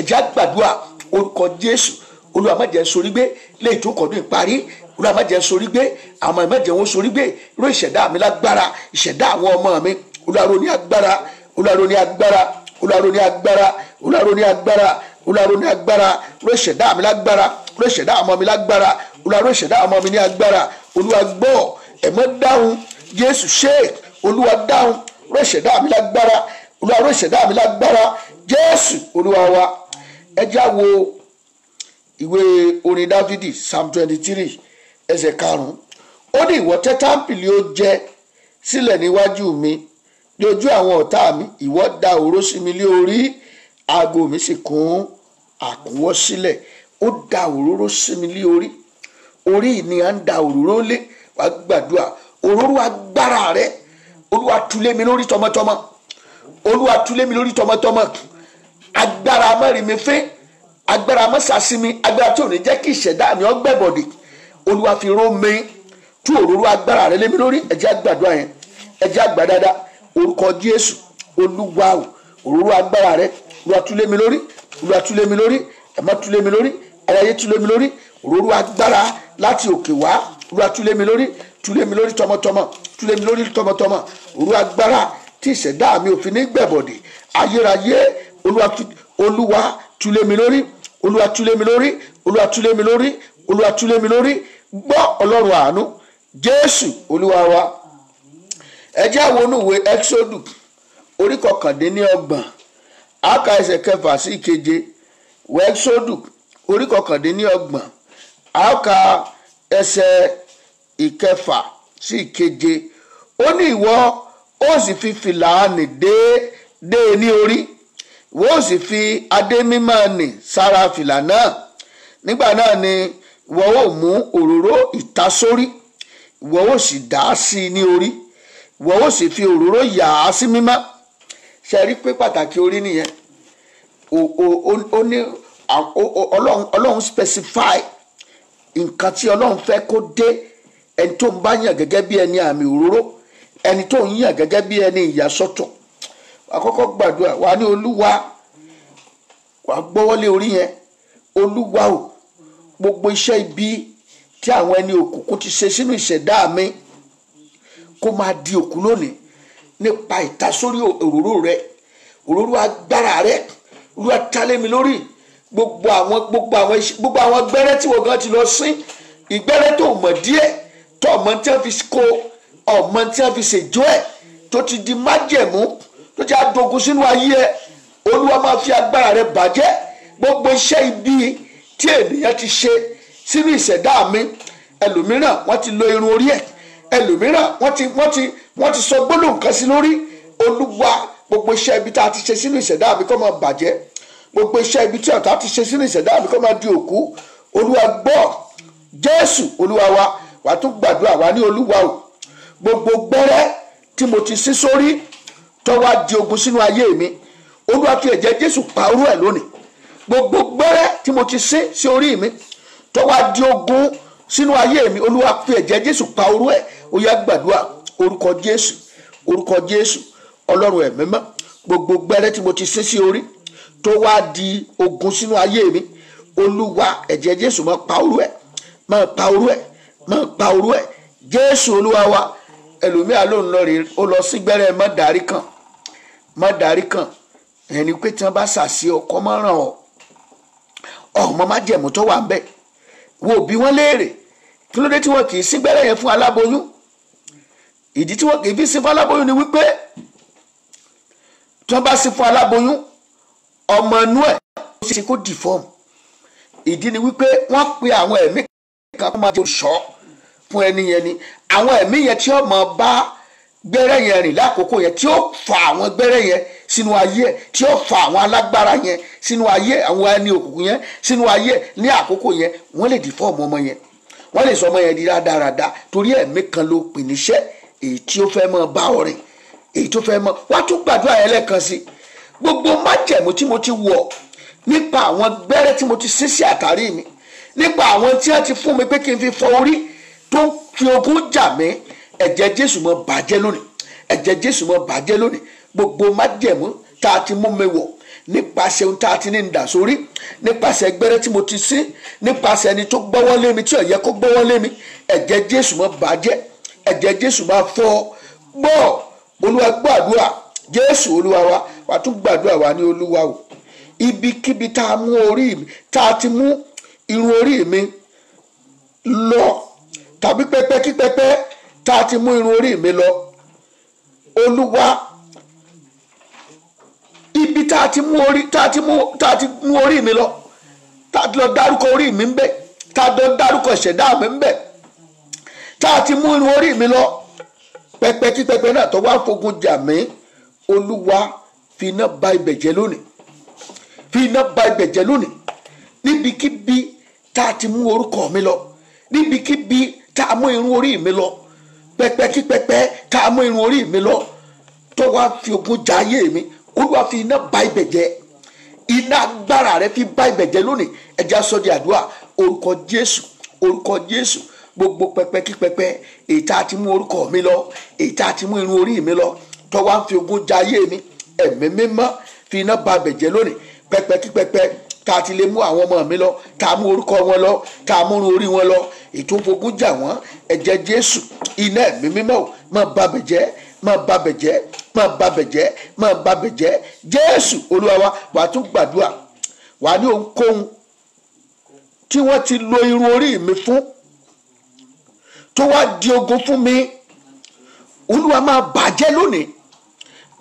ẹ̀jẹ̀ àgbàdua orúkọ Jésù olúwa má jẹ́ ń sorí gbé lẹ́yìn tó kọ́ dé parí olúwa má ń sorí gbé àwọn ọmọ mi má jẹ́ ń sorí gbé ró ìṣẹ̀dá mi lágbára ìṣẹ̀dá àwọn ọmọ mi olúwa ró ní agbára olùwàrò ní agbára olùwàrò ní agbára olùwàrò ní agbára olùwàrò ní agbára olùwàrò ìṣẹ̀dá mi lagbara, olùwàrò ìṣẹ̀dá ọmọ mi lágbára olùwàrò ìṣẹ̀dá ọmọ mi ni agbára olúwa gbọ́ ẹ̀mọ́ dáhùn jésù ṣe olúwa dáhùn olùwàrò ìṣẹ̀dá mi lágbára olùwàrò ìṣẹ̀dá mi lagbara. jésù olúwa wa ẹ já wo ìwé orin dávidi psalm twenty three ẹsẹ̀ karùn-ún ó ní ìwọ tẹ́ táǹpìlì ó sílẹ̀ níwájú mi lójú àwọn ọ̀tá mi ìwọ da òró sí mi lé orí aago mi sì kún àkúwọ́ sílẹ̀ ó da òróró sí mi lé orí orí ni à ń da òróró lé wàá gbàdúrà òróró agbára rẹ olúwa tulé mi lórí tọmọtọmọ olúwa tulé mi lórí tọmọtọmọ agbára mẹ́rin mi fẹ́ agbára mọ́sàsími agbára tí ò ní jẹ́ kí ìṣẹ̀dá mi ọgbẹ́bọ̀dì olúwa fi ró tú òróró agbára rẹ lé mi lórí ẹ̀jẹ̀ àgbàdo ẹ̀jẹ̀ àgbà dáadáa orúkọ jésù olúwa o òróró agbára rẹ olúwa tú lé mi lórí olúwa tú lé mi lórí ẹ̀mọ́ tú lé mi lórí ọ̀rọ̀ ayé tú lé mi lórí òróró agbára láti òkè wá olúwa tú lé mi lórí tú lé mi lórí tọmọtọmọ tú lé mi lórí tọmọtọmọ òróró agbára tí ìṣẹ̀dá mi ò fi ní gbẹ̀bọ̀dì ayérayé olúwa tú lé mi lórí olúwa tú lé mi lórí olúwa tú lé mi lórí olúwa tú lé mi lórí gbọ́ ọlọ́run àánú jésù olúwa wa ẹ jẹ́ àwọn onúwe exodu orí kọkàndínlọ́gbọ̀n àkà ẹsẹ̀ kẹfà sí ìkeje wọ exodu orí kọkàndínlọ́gbọ̀n àkà ẹsẹ̀ ìkẹfà sí ìkeje ó ní ìwọ ó sì fi fìlà nì dé dé ní orí ìwọ ó fi adé mímọ́ nì sára fìlà náà nígbà náà ni ìwọ ó mú òróró ìtasórí ìwọ ó sì dà ní wọ́n ó sì fi òróró yà á sí mímọ́ ṣe rí pé pàtàkì orí nìyẹn ó ní ọlọ́run specify nǹkan tí ọlọ́run fẹ́ kó dé ẹni tó ń bá yàn gẹ́gẹ́ bí ẹni àmì òróró ẹni tó ń yàn gẹ́gẹ́ bí ẹni ìyàsọ́tọ̀ àkọ́kọ́ gbàdúrà wà ní olúwa wà gbọ́wọ́lé orí yẹn olúwa o gbogbo iṣẹ́ ibi tí àwọn ẹni òkùnkùn ti ṣe sínú ìṣẹ̀dá mi kó máa di òkú lónìí nípa ìtasórí òróró rẹ òróró agbára rẹ olúwa tálémi lórí gbogbo àwọn gbogbo àwọn gbogbo àwọn gbẹ́rẹ́ tí wọ́n gan ti lọ sín ìgbẹ́rẹ́ tó mọ̀ díẹ̀ tó ọmọ tí wọ́n fi kó ọmọ tí wọ́n fi ṣèjọ́ ẹ̀ tó ti di májẹ̀mú tó ti adogun sínú ayé ẹ̀ olúwa máa fi agbára rẹ bàjẹ́ gbogbo iṣẹ́ ibi tí ènìyàn ti ṣe sínú ìṣẹ̀dá mi ẹlòmíràn wọ́n ti lo irun orí ẹ̀ ẹlòmíràn wọ́n ti wọ́n ti wọ́n ti sọ gbólóhùn kan sí lórí olúwa gbogbo iṣẹ́ ibi tá a ti ṣe sínú ìṣẹ̀dá mi kó máa bàjẹ́ gbogbo iṣẹ́ ibi tí ọ̀tá ti ṣe sínú ìṣẹ̀dá mi kó máa di òkú olúwa gbọ́ jésù olúwa wa wà á tún gbàdúrà wá ní olúwa o gbogbo gbẹ́rẹ́ tí mo ti sí sórí tó wá di ogun sínú ayé mi olúwa tó yẹ jésù pàrọ̀ ẹ̀ lónìí gbogbo gbẹ́rẹ́ tí mo ti sí sí orí mi tó wá di ogun sínú ayé mi olúwa tó yẹ jésù pàrọ̀ ẹ̀ ó yá gbàdúrà orúkọ jésù orúkọ jésù ọlọ́run ẹ̀mẹ́mọ́ gbogbo gbẹ́rẹ́ tí mo ti sé sí orí tó wá di ogun sínú ayé mi olúwa ẹ̀jẹ̀ jésù máa pa orú ẹ̀ máa pa orú ẹ̀ máa pa orú ẹ̀ jésù olúwa wa ẹlòmíà ló ń lọ rè ó lọ sí gbẹ́rẹ́ má dárí kan má kan ẹni pé tí wọ́n bá ṣàṣì ọkọ mọ́ ọ́ ọmọ má jẹ̀mú tó wà ń bẹ̀ wo bí wọ́n léèrè kí ló dé tí wọ́n kì í sí gbẹ́rẹ́ yẹn fún aláboyún ìdí tí wọ́n kì í fi sin fún aláboyún ni wípé tí wọ́n bá sin fún aláboyún ọmọ inú ẹ̀ ó ṣe kó deform ìdí ni wípé wọ́n pe àwọn ẹ̀mí kan kó máa jẹ olùṣọ́ fún ẹni yẹn ni àwọn ẹ̀mí yẹn tí ọmọ bá gbẹ́rẹ́ yẹn rìn lákòókò yẹn tí ó fa àwọn gbẹ́rẹ́ yẹn sínú ayé ẹ̀ tí ó fa àwọn alágbára yẹn sínú ayé àwọn ẹni òkùnkùn yẹn sínú ayé ní àkókò yẹn wọ́n lè dìfọ́ọ̀mù ọmọ yẹn wọ́n lè sọ ọmọ yẹn di rádaràda torí ẹ̀mí kan ló pè níṣẹ́ èyí tí ó fẹ́ mọ́ bá ọ rìn èyí tó fẹ́ mọ́ wá tún gbàdúrà yẹn lẹ́ẹ̀kan sí gbogbo májẹ̀mú tí mo ti wọ̀ nípa àwọn gbẹ́rẹ́ tí mo ti sín sí àtàrí mi nípa àwọn tí wọ́n ti fún mi pé kí n fi fọ orí tó ń fi ogun jà mí ẹ̀jẹ̀ Jésù mọ́ bàjẹ́ lónìí ẹ̀jẹ̀ Jésù mọ́ bàjẹ́ lónìí gbogbo májẹ̀mú tá a ti mú mi wọ̀ nípasẹ̀ ohun tá a ti ní dà sórí nípasẹ̀ gbẹ́rẹ́ tí mo ti sín nípasẹ̀ ẹni tó gbọ́wọ́ lé mi tí ó yẹ kó gbọ́wọ́ lé mi ẹ̀jẹ̀ Jésù mọ́ bàjẹ́ ẹ̀jẹ̀ jésù máa fọ́ gbọ́ olúwa gbàdúrà jésù olúwa wa wàá tún gbàdúrà wa ní olúwa o ibikíbi tá a mú orí mi tá a ti mú irun orí mi lọ tàbí pẹpẹ kí pẹpẹ tá a ti mú irun orí mi lọ olúwa ibi tá a ti mú orí tá a ti mú tá a ti mú orí mi lọ tá a lọ dárúkọ orí mi ń bẹ tá a lọ dárúkọ ìṣẹ̀dá mi ń bẹ tá a ti mú irun orí mi lọ pẹpẹ tí pẹpẹ náà tó wá fogun jà mí olúwa fi iná ba ibẹ̀ jẹ́ lónìí fi iná ba ibẹ̀ jẹ́ lónìí níbikíbi tá a ti mú orúkọ mi lọ níbikíbi tá a mú irun orí mi lọ pẹpẹ tí pẹpẹ tá a mú irun orí mi lọ tó wá fi ogun jà ayé mi olúwa fi iná ba ibẹ̀ jẹ́ iná agbára rẹ fi bá ibẹ̀ jẹ́ lónìí ẹja sọ di àdúrà orúkọ jésù orúkọ jésù gbogbo pẹpẹ kí pẹpẹ èyí tá a ti mú orúkọ mi lọ èyí tá a ti mú irun orí mi lọ tó wá ń fi ogun jayé mi ẹ̀mí fi iná ba bẹ̀jẹ́ lónìí pẹpẹ kí pẹpẹ tá a ti lè mú àwọn ọmọ mi lọ tá a mú orúkọ wọn lọ tá a mú irun orí wọn lọ ètò ogun jà wọ́n ẹ̀jẹ̀ Jésù iná ẹ̀mí mímọ́ máa ba bẹ̀jẹ́ máa ba bẹ̀jẹ́ máa ba bẹ̀jẹ́ máa ba bẹ̀jẹ́ Jésù Olúwa wa wàá tún gbàdúrà wàá ní ohunkóhun tí wọ́n ti lo irun orí mi fún tó wá di ogun fún mi olúwa máa bàjẹ́ lónìí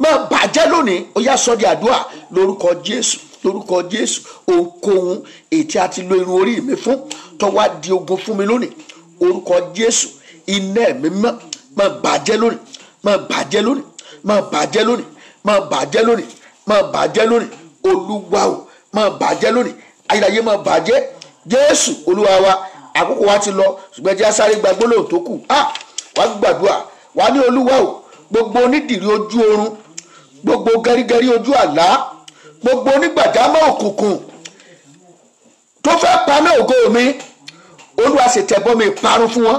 máa bàjẹ́ lónìí ó yá sọ di àdúrà lórúkọ jésù lórúkọ jésù ohunkóhun ètí àti lo irun orí mi fún tó wá di ogun fún mi lónìí orúkọ jésù iná ẹ̀mí mímọ́ máa bàjẹ́ lónìí máa bàjẹ́ lónìí máa bàjẹ́ lónìí máa bàjẹ́ lónìí máa bàjẹ́ lónìí olúwa o máa bàjẹ́ lónìí ayérayé máa bàjẹ́ jésù olúwa wa àkókò wa ti lọ ṣùgbọ́n ẹjẹ́ sáré gba gbólóhùn tó kù wàá gbàdúrà wàá ní olúwa o gbogbo onídìrí ojú oorun gbogbo gẹrígẹrí ojú àlá gbogbo onígbàjámọ́ òkùnkùn tó fẹ́ paná ògo mi olúwa ṣètẹ̀bọ́ mi parun fún wọn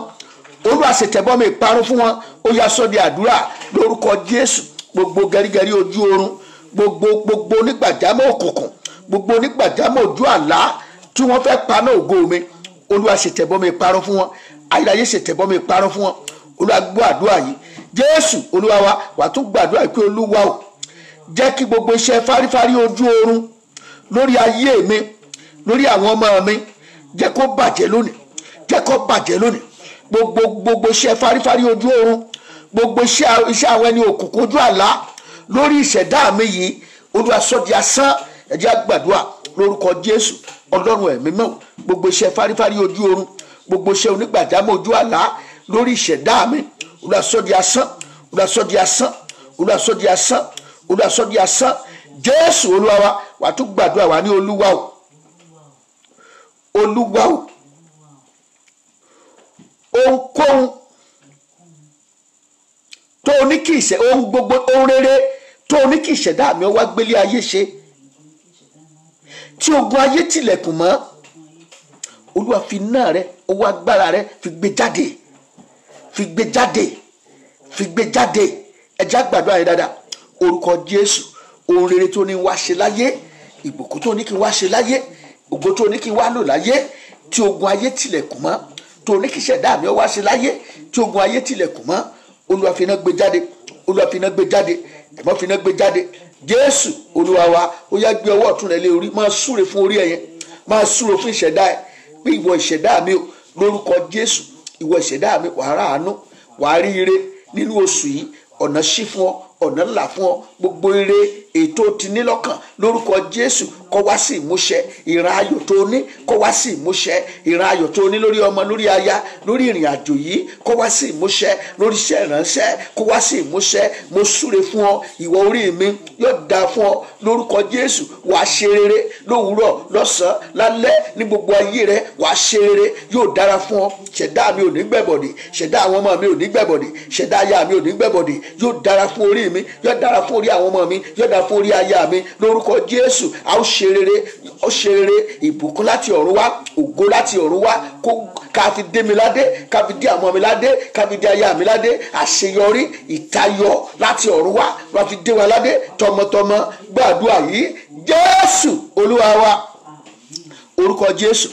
olúwa ṣètẹ̀bọ́ mi parun fún wọn ó yá sọ di àdúrà lórúkọ jésù gbogbo gẹrígẹrí ojú oorun gbogbo gbogbo onígbàjámọ́ òkùnkùn gbogbo onígbàjámọ́ ojú àlá tí wọ́n fẹ́ paná ògo mi olúwa ṣètẹ̀bọ́ mi parọ́ fún wọn ayérayé ṣètẹ̀bọ́ mi parọ́ fún wọn olúwa gbọ́ àdúrà yìí jésù olúwa wa wàá tún gbàdúrà yìí pé olúwa o jẹ́ kí gbogbo iṣẹ́ fárífárí ojú oorun lórí ayé mi lórí àwọn ọmọ mi jẹ́ kó bàjẹ́ lónìí jẹ́ kó bàjẹ́ lónìí gbogbo gbogbo iṣẹ́ fárífárí ojú oorun gbogbo iṣẹ́ àwọn ẹni òkùnkùn ojú àlá lórí ìṣẹ̀dá mi yìí olúwa sọ di asán ẹ gbàdúrà lórúkọ jésù ọlọ́run ẹ̀mí mọ́ gbogbo iṣẹ́ fárífárí ojú oorun gbogbo iṣẹ́ onígbàjámọ̀ ojú àlá lórí ìṣẹ̀dá mi Olúwa sọ di asán Olúwa sọ di asán Olúwa sọ di asán Olúwa sọ di asán jésù olúwa wa wàá tún gbàdúrà wa ní olúwa o olúwa o ohunkóhun tó o ní kí ìṣẹ̀ ohun gbogbo ohun rere tó o ní kí ìṣẹ̀dá mi ó wá gbélé ayé ṣe tí ogun ayé tilẹ̀kùn mọ́ olúwa fi náà rẹ owó agbára rẹ fi gbé jáde fi gbé jáde fi gbé jáde ẹja gbàdúrà yẹn dáadáa orúkọ jésù ohun rere tó ní wá ṣe láyé ìbùkún tó ní kí n wá ṣe láyé ògo tó ní kí n wá lò láyé tí ogun ayé tilẹ̀kùn mọ́ tó ní kí ṣẹ̀dá mi wá ṣe láyé tí ogun ayé tilẹ̀kùn mọ́ olúwa fi náà gbé jáde olúwa fi náà gbé jáde ẹ̀mọ́ fi náà gbé jáde jésù olúwa wa ó yá gbé ọwọ́ ọ̀tún rẹ lé orí máa súre fún orí ẹ̀yẹn máa súre fún ìṣẹ̀dá ẹ̀ pé ìwọ ìṣẹ̀dá mi ò lórúkọ jésù ìwọ ìṣẹ̀dá mi wàá ráàánú wàá rí ire nínú oṣù yìí ọ̀nà ṣí fún ọ ọ̀nà ńlá fún ọ gbogbo ire ètò tí ní lọ́kàn lórúkọ jésù kó wá sí ìmúṣẹ ìran ayọ̀ tó ní kó wá sí ìmúṣẹ ìran ayọ̀ tó ní lórí ọmọ lórí aya lórí ìrìn àjò yìí kó wá sí ìmúṣẹ lórí iṣẹ́ ìránṣẹ́ kó wá sí ìmúṣẹ mo súre fún ọ ìwọ orí mi yóò dáa fún ọ lórúkọ jésù wàá ṣe rere lówùúrọ̀ lọ́sàn-án lálẹ́ ní gbogbo ayé rẹ wàá ṣe rere yóò dára fún ọ ṣẹ̀dá mi ò ní gbẹ̀bọ̀dì ṣẹ̀dá àwọn ọmọ mi ò ní gbẹ̀bọ̀dì ṣẹ̀dá aya mi ò ní gbẹ̀bọ̀dì yóò dára fún orí mi yóò dára fún orí àwọn ọmọ mi yóò dára forí aya mi lórúkọ jésù a ó ṣe rere ó ṣe rere ìbùkún láti ọ̀run wá ògo láti ọ̀run wá kó ká fi dé mi ládé ká fi dé àmọ́ mi ládé ká fi dé aya mi ládé àṣeyọrí ìtayọ láti ọ̀run wá wá fi dé wa ládé tọmọtọmọ gbàdúrà yìí jésù olúwa wa orúkọ jésù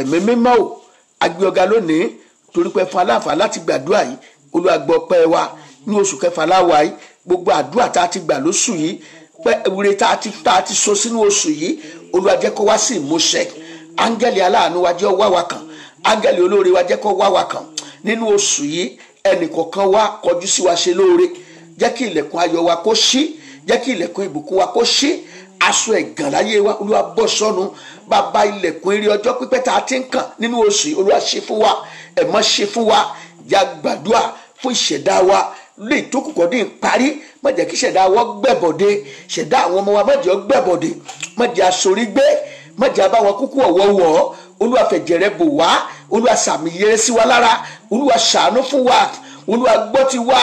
ẹ̀mí mímọ́ o agbé ọ̀gá lónìí torí pé fún aláǹfà láti gbàdúrà yìí olúwa gbọ́ pẹ́ wa ní oṣù kẹfà láwa yìí gbogbo àdúrà tá a ti gbà lóṣù yìí pé ewúre tá a ti so sínú oṣù yìí Olúwa jẹ́ kó wá sí ìmúṣẹ áńgẹ́lì aláàánú wa jẹ́ wá wa kàn áńgẹ́lì olóore wa jẹ́ kó wá wa kàn nínú oṣù yìí ẹnìkọ̀ọ̀kan wa kọjú sí wa ṣe lóore jẹ́ kí ilẹ̀kùn ayọ̀ wa kó ṣí jẹ́ kí ilẹ̀kùn ìbùkún wa kó ṣí aṣọ ẹ̀gàn láyé wa olúwa bọ́ sọ́nu bàbá ilẹ̀kùn eré ọjọ́ pípẹ́ tá a ti ń kàn nínú oṣù yìí olúwa ṣe fún wa ẹ̀mọ́ ṣe fún wa jágbàdúà fún ìṣẹ̀dá wa lè jókòó kọ́ ní ìparí má jẹ́ kí ṣẹ̀dá wọ́n gbẹ̀bọ̀dé ṣẹ̀dá àwọn ọmọ wa má jẹ́ gbẹ̀bọ̀dé má jẹ́ asorí gbé má jẹ́ kúkú ọ̀wọ́ wọ̀ ọ́ olúwa fẹ̀jẹ̀ bò wá olúwa sàmì yẹrẹ sí wa lára olúwa ṣàánú fún wa olúwa gbọ́ ti wa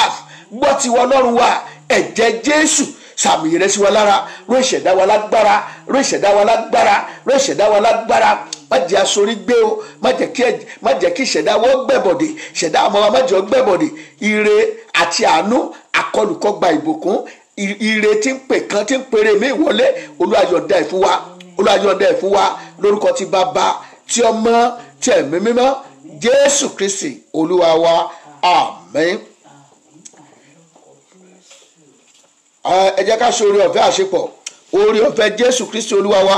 gbọ́ ti wa ọlọ́run wa ẹ̀jẹ̀ jésù sàmì yẹrẹ sí wa lára ró ìṣẹ̀dá wa lágbára ró ìṣẹ̀dá wa lágbára ró ìṣẹ̀dá wa lágbára má jẹ́ asorí gbé o má jẹ́ kí má jẹ́ kí ìṣẹ̀dá wọ́n gbẹ̀bọ̀dè ìṣẹ̀dá ọmọ wa má jẹ́ gbẹ̀bọ̀dè ire àti àánú àkọlùkọgba ìbùkún ire tí ń pè kan tí ń pèrè mí wọlé Olúwa yọ̀ǹda ẹ̀ fún wa Olúwa yọ̀ǹda ẹ̀ fún wa lórúkọ ti Bàbá ti Ọmọ ti Ẹ̀mí Mímọ́ Jésù Kristi Olúwa wa àmín. ẹ jẹ́ ká ṣe oore ọ̀fẹ́ àṣepọ̀ oore ọ̀fẹ́ Jésù Kristi Olúwa wa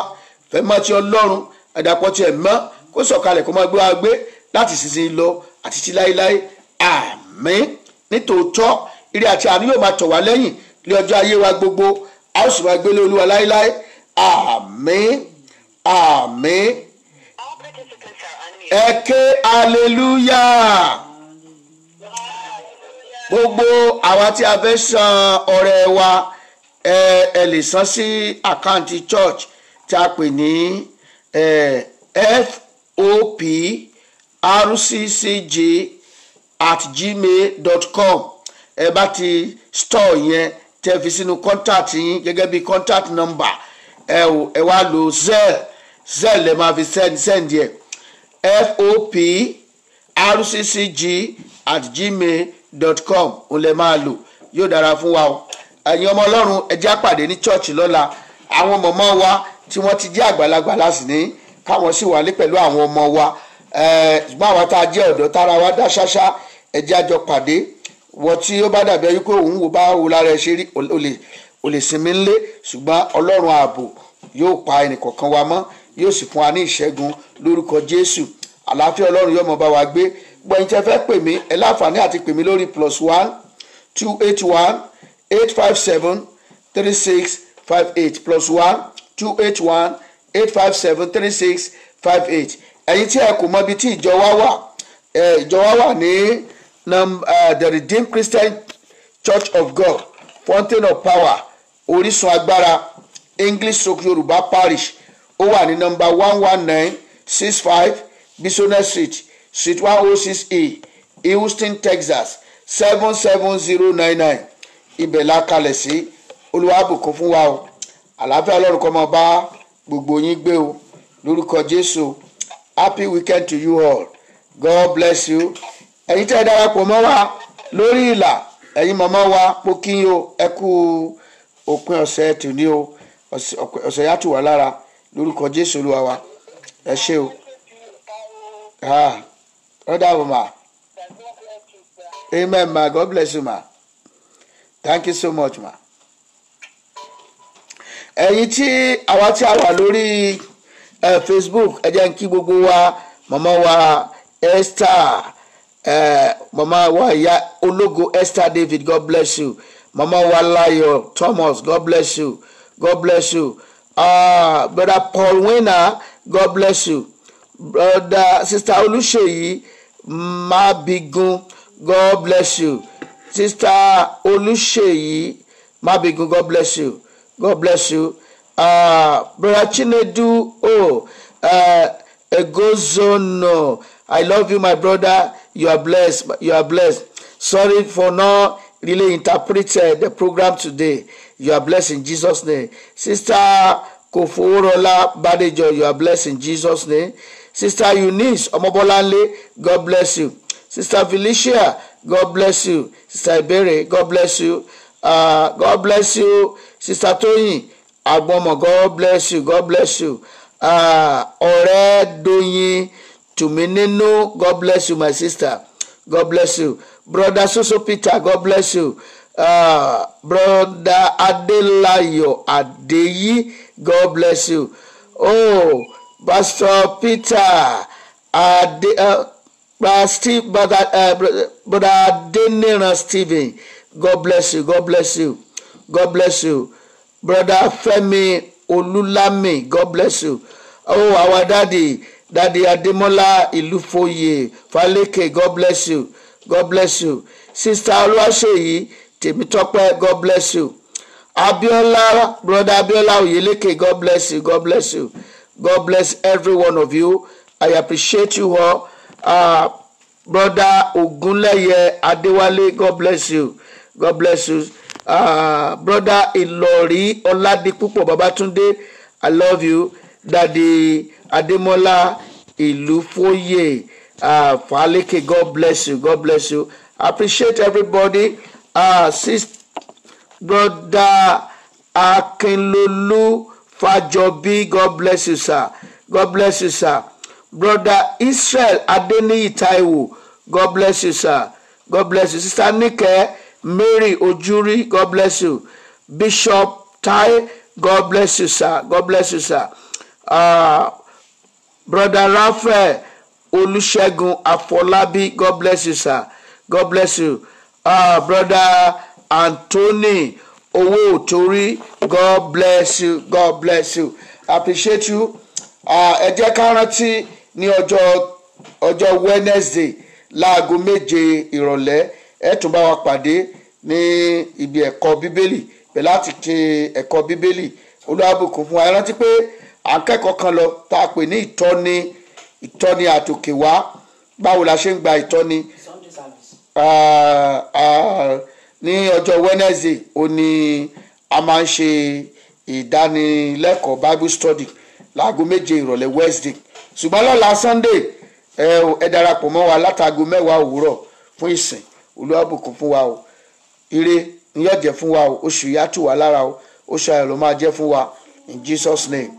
fẹ́ mọ́ ti Ọlọ́run àdàpọ̀ tiẹ̀ mọ́ kó sọ̀kalẹ̀ kó máa gbé wa gbé láti sísìn lọ àti ti láéláé àmín nítòótọ́ ire àti àánú yóò máa tọ̀ wá lẹ́yìn ní ọjọ́ ayé wa gbogbo a ó sì máa gbélé olúwa láéláé àmín àmín ẹ ké aleluya gbogbo àwa tí a fẹ́ san ọrẹ wa ẹ ẹ lè san sí àkáǹtì church tí a pè ní uh, eh, fop at gmail dot com ẹ bá ti store yẹn tẹ fi sínú contact yín gẹ́gẹ́ bí contact number ẹ ò ẹ wá lo zell zell ẹ máa fi send send yẹ fop at gmail dot com òun lẹ máa lò yóò dára fún wa o ẹ̀yin ọmọ ọlọ́run ẹ jẹ́ á ní church lọ́la àwọn mọ̀mọ́ wa tí wọ́n ti jẹ́ àgbàlagbà láti ní káwọn sì wálé pẹ̀lú àwọn ọmọ wa ṣùgbọ́n àwa tá a jẹ́ ọ̀dọ́ tára wa dá ṣáṣá ẹjẹ́ àjọ pàdé wọ́n tí ó bá dàbí ẹyí pé òun wò bá wo lára ẹ ṣe rí o lè sinmi ńlé ṣùgbọ́n ọlọ́run ààbò yóò pa ẹnìkọ̀ọ̀kan wa mọ́ yóò sì fún wa ní ìṣẹ́gun lórúkọ jésù àlàáfíà ọlọ́run yóò mọ̀ bá wa gbé gbọ̀yìn tẹ́ fẹ́ pè mí ẹ láǹfààní àti pè mí lórí plus one two eight one eight five seven three six five eight plus one two eight one eight five seven three six five eight ẹ̀yin tí ẹ kò mọ ibi tí ìjọ wa wà ìjọ wa wà ní the redeemed christian church of god fountain of power orísun agbára english sok yorùbá parish ó wà ní nọ́mbà one one nine six five bisonet street street one oh six e houston texas seven seven zero nine nine ibẹ̀ la kalẹ̀ sí olúwa fún wa o àlàáfíà ọlọ́run kó máa bá gbogbo yín gbé o lórúkọ jésù happy weekend to you all god bless you ẹ̀yin tẹ́ ẹ darapọ̀ mọ́ wa lórí ìlà ẹ̀yin màmá wa mo kí yín o ẹ kú òpin ọ̀sẹ̀ tòní o ọ̀sẹ̀ yá tù wá lára lórúkọ jésù olúwa wa ẹ ṣé o ọ̀dà wò ma amen ma god bless you ma thank you so much ma ẹ̀yin tí àwa tí a wà lórí eh, Facebook ẹ jẹ́ n kí gbogbo wa màmá wa Esther eh, màmá wa ìyá ológo Esther David God bless you màmá wa Láyọ̀ Thomas God bless you God bless you uh, brother Paul Winner God bless you brother sister Olúṣèyí Mábìgún God bless you sister Olúṣèyí Mábìgún God bless you. God bless you. Uh, Brother Chinedu, oh, uh, Egozono, I love you, my brother. You are blessed. You are blessed. Sorry for not really interpreting the program today. You are blessed in Jesus' name. Sister Koforola Badejo, you are blessed in Jesus' name. Sister Eunice Omobolanle, God bless you. Sister Felicia, God bless you. Sister Ibere, God bless you. Uh, God bless you, Sister Toyin Agbomo. God bless you. God bless you. Uh, ọ̀rẹ́ uh, Doyin Tumininu. God bless you, my sister. God bless you. Brother Soso Peter. God bless you. Uh, Brother Adelayo Adeyi. God bless you. Oh, Pastor Peter. Ade, uh, Steve, Brother, uh, Brother Adeniran Stephen. God bless you. God bless you. God bless you. Brother Femi Olulami. God bless you. Oh, our daddy. Daddy Ademola Ilufoye. Faleke. God bless you. God bless you. Sister Oluwaseyi Temitope. God bless you. Abiola, brother Abiola Oyeleke, God bless you, God bless you, God bless every one of you. I appreciate you all. Uh, brother Ogunleye Adewale, God bless you. God bless you. Uh, brother Ilori Oladipupo Babatunde, I love you. Daddy Ademola Ilufoye uh, Faleke, God bless you. God bless you. I appreciate everybody. Uh, sis, brother Akinlolu Fajobi, God bless you, sir. God bless you, sir. Brother Israel Adeniyi Taiwo, God bless you, sir. God bless you. Sister Nike, Mary Ojuri, God bless you. Bishop Tai, God bless you, sir. God bless you, sir. Uh, Brother Raphael Olusegun Afolabi, God bless you, sir. God bless you. Uh, Brother Anthony Owo Tori, God bless you. God bless you. appreciate you. Uh, ẹ jẹ́ ká rántí ní ọjọ́ ọjọ́ Wednesday láago méje ìrọ̀lẹ́ ẹ tún bá wa pàdé ní ibi ẹ̀kọ́ bíbélì bẹ́ẹ̀ láti ṣe ẹ̀kọ́ bíbélì olúwàbùkún fún wa ẹ rántí pé à ń kẹ́kọ̀ọ́ kan lọ tá a pè ní ìtọ́ni ìtọ́ni àtòkè wá báwo la ṣe ń gba ìtọ́ni ní ọjọ́ Wednesday ó a máa ń ṣe ìdánilẹ́kọ̀ọ́ Bible study láago méje ìrọ̀lẹ́ Wednesday ṣùgbọ́n lọ́la Sunday ẹ darapọ̀ mọ́ wa látàgo mẹ́wàá òwúrọ̀ fún ìsìn olúwàbùkún fún wa o ire ń yọ̀jẹ̀ fún wa o oṣù yìí á tù wá lára o oṣù ayọ̀ ló máa jẹ́ fún wa in Jesus name.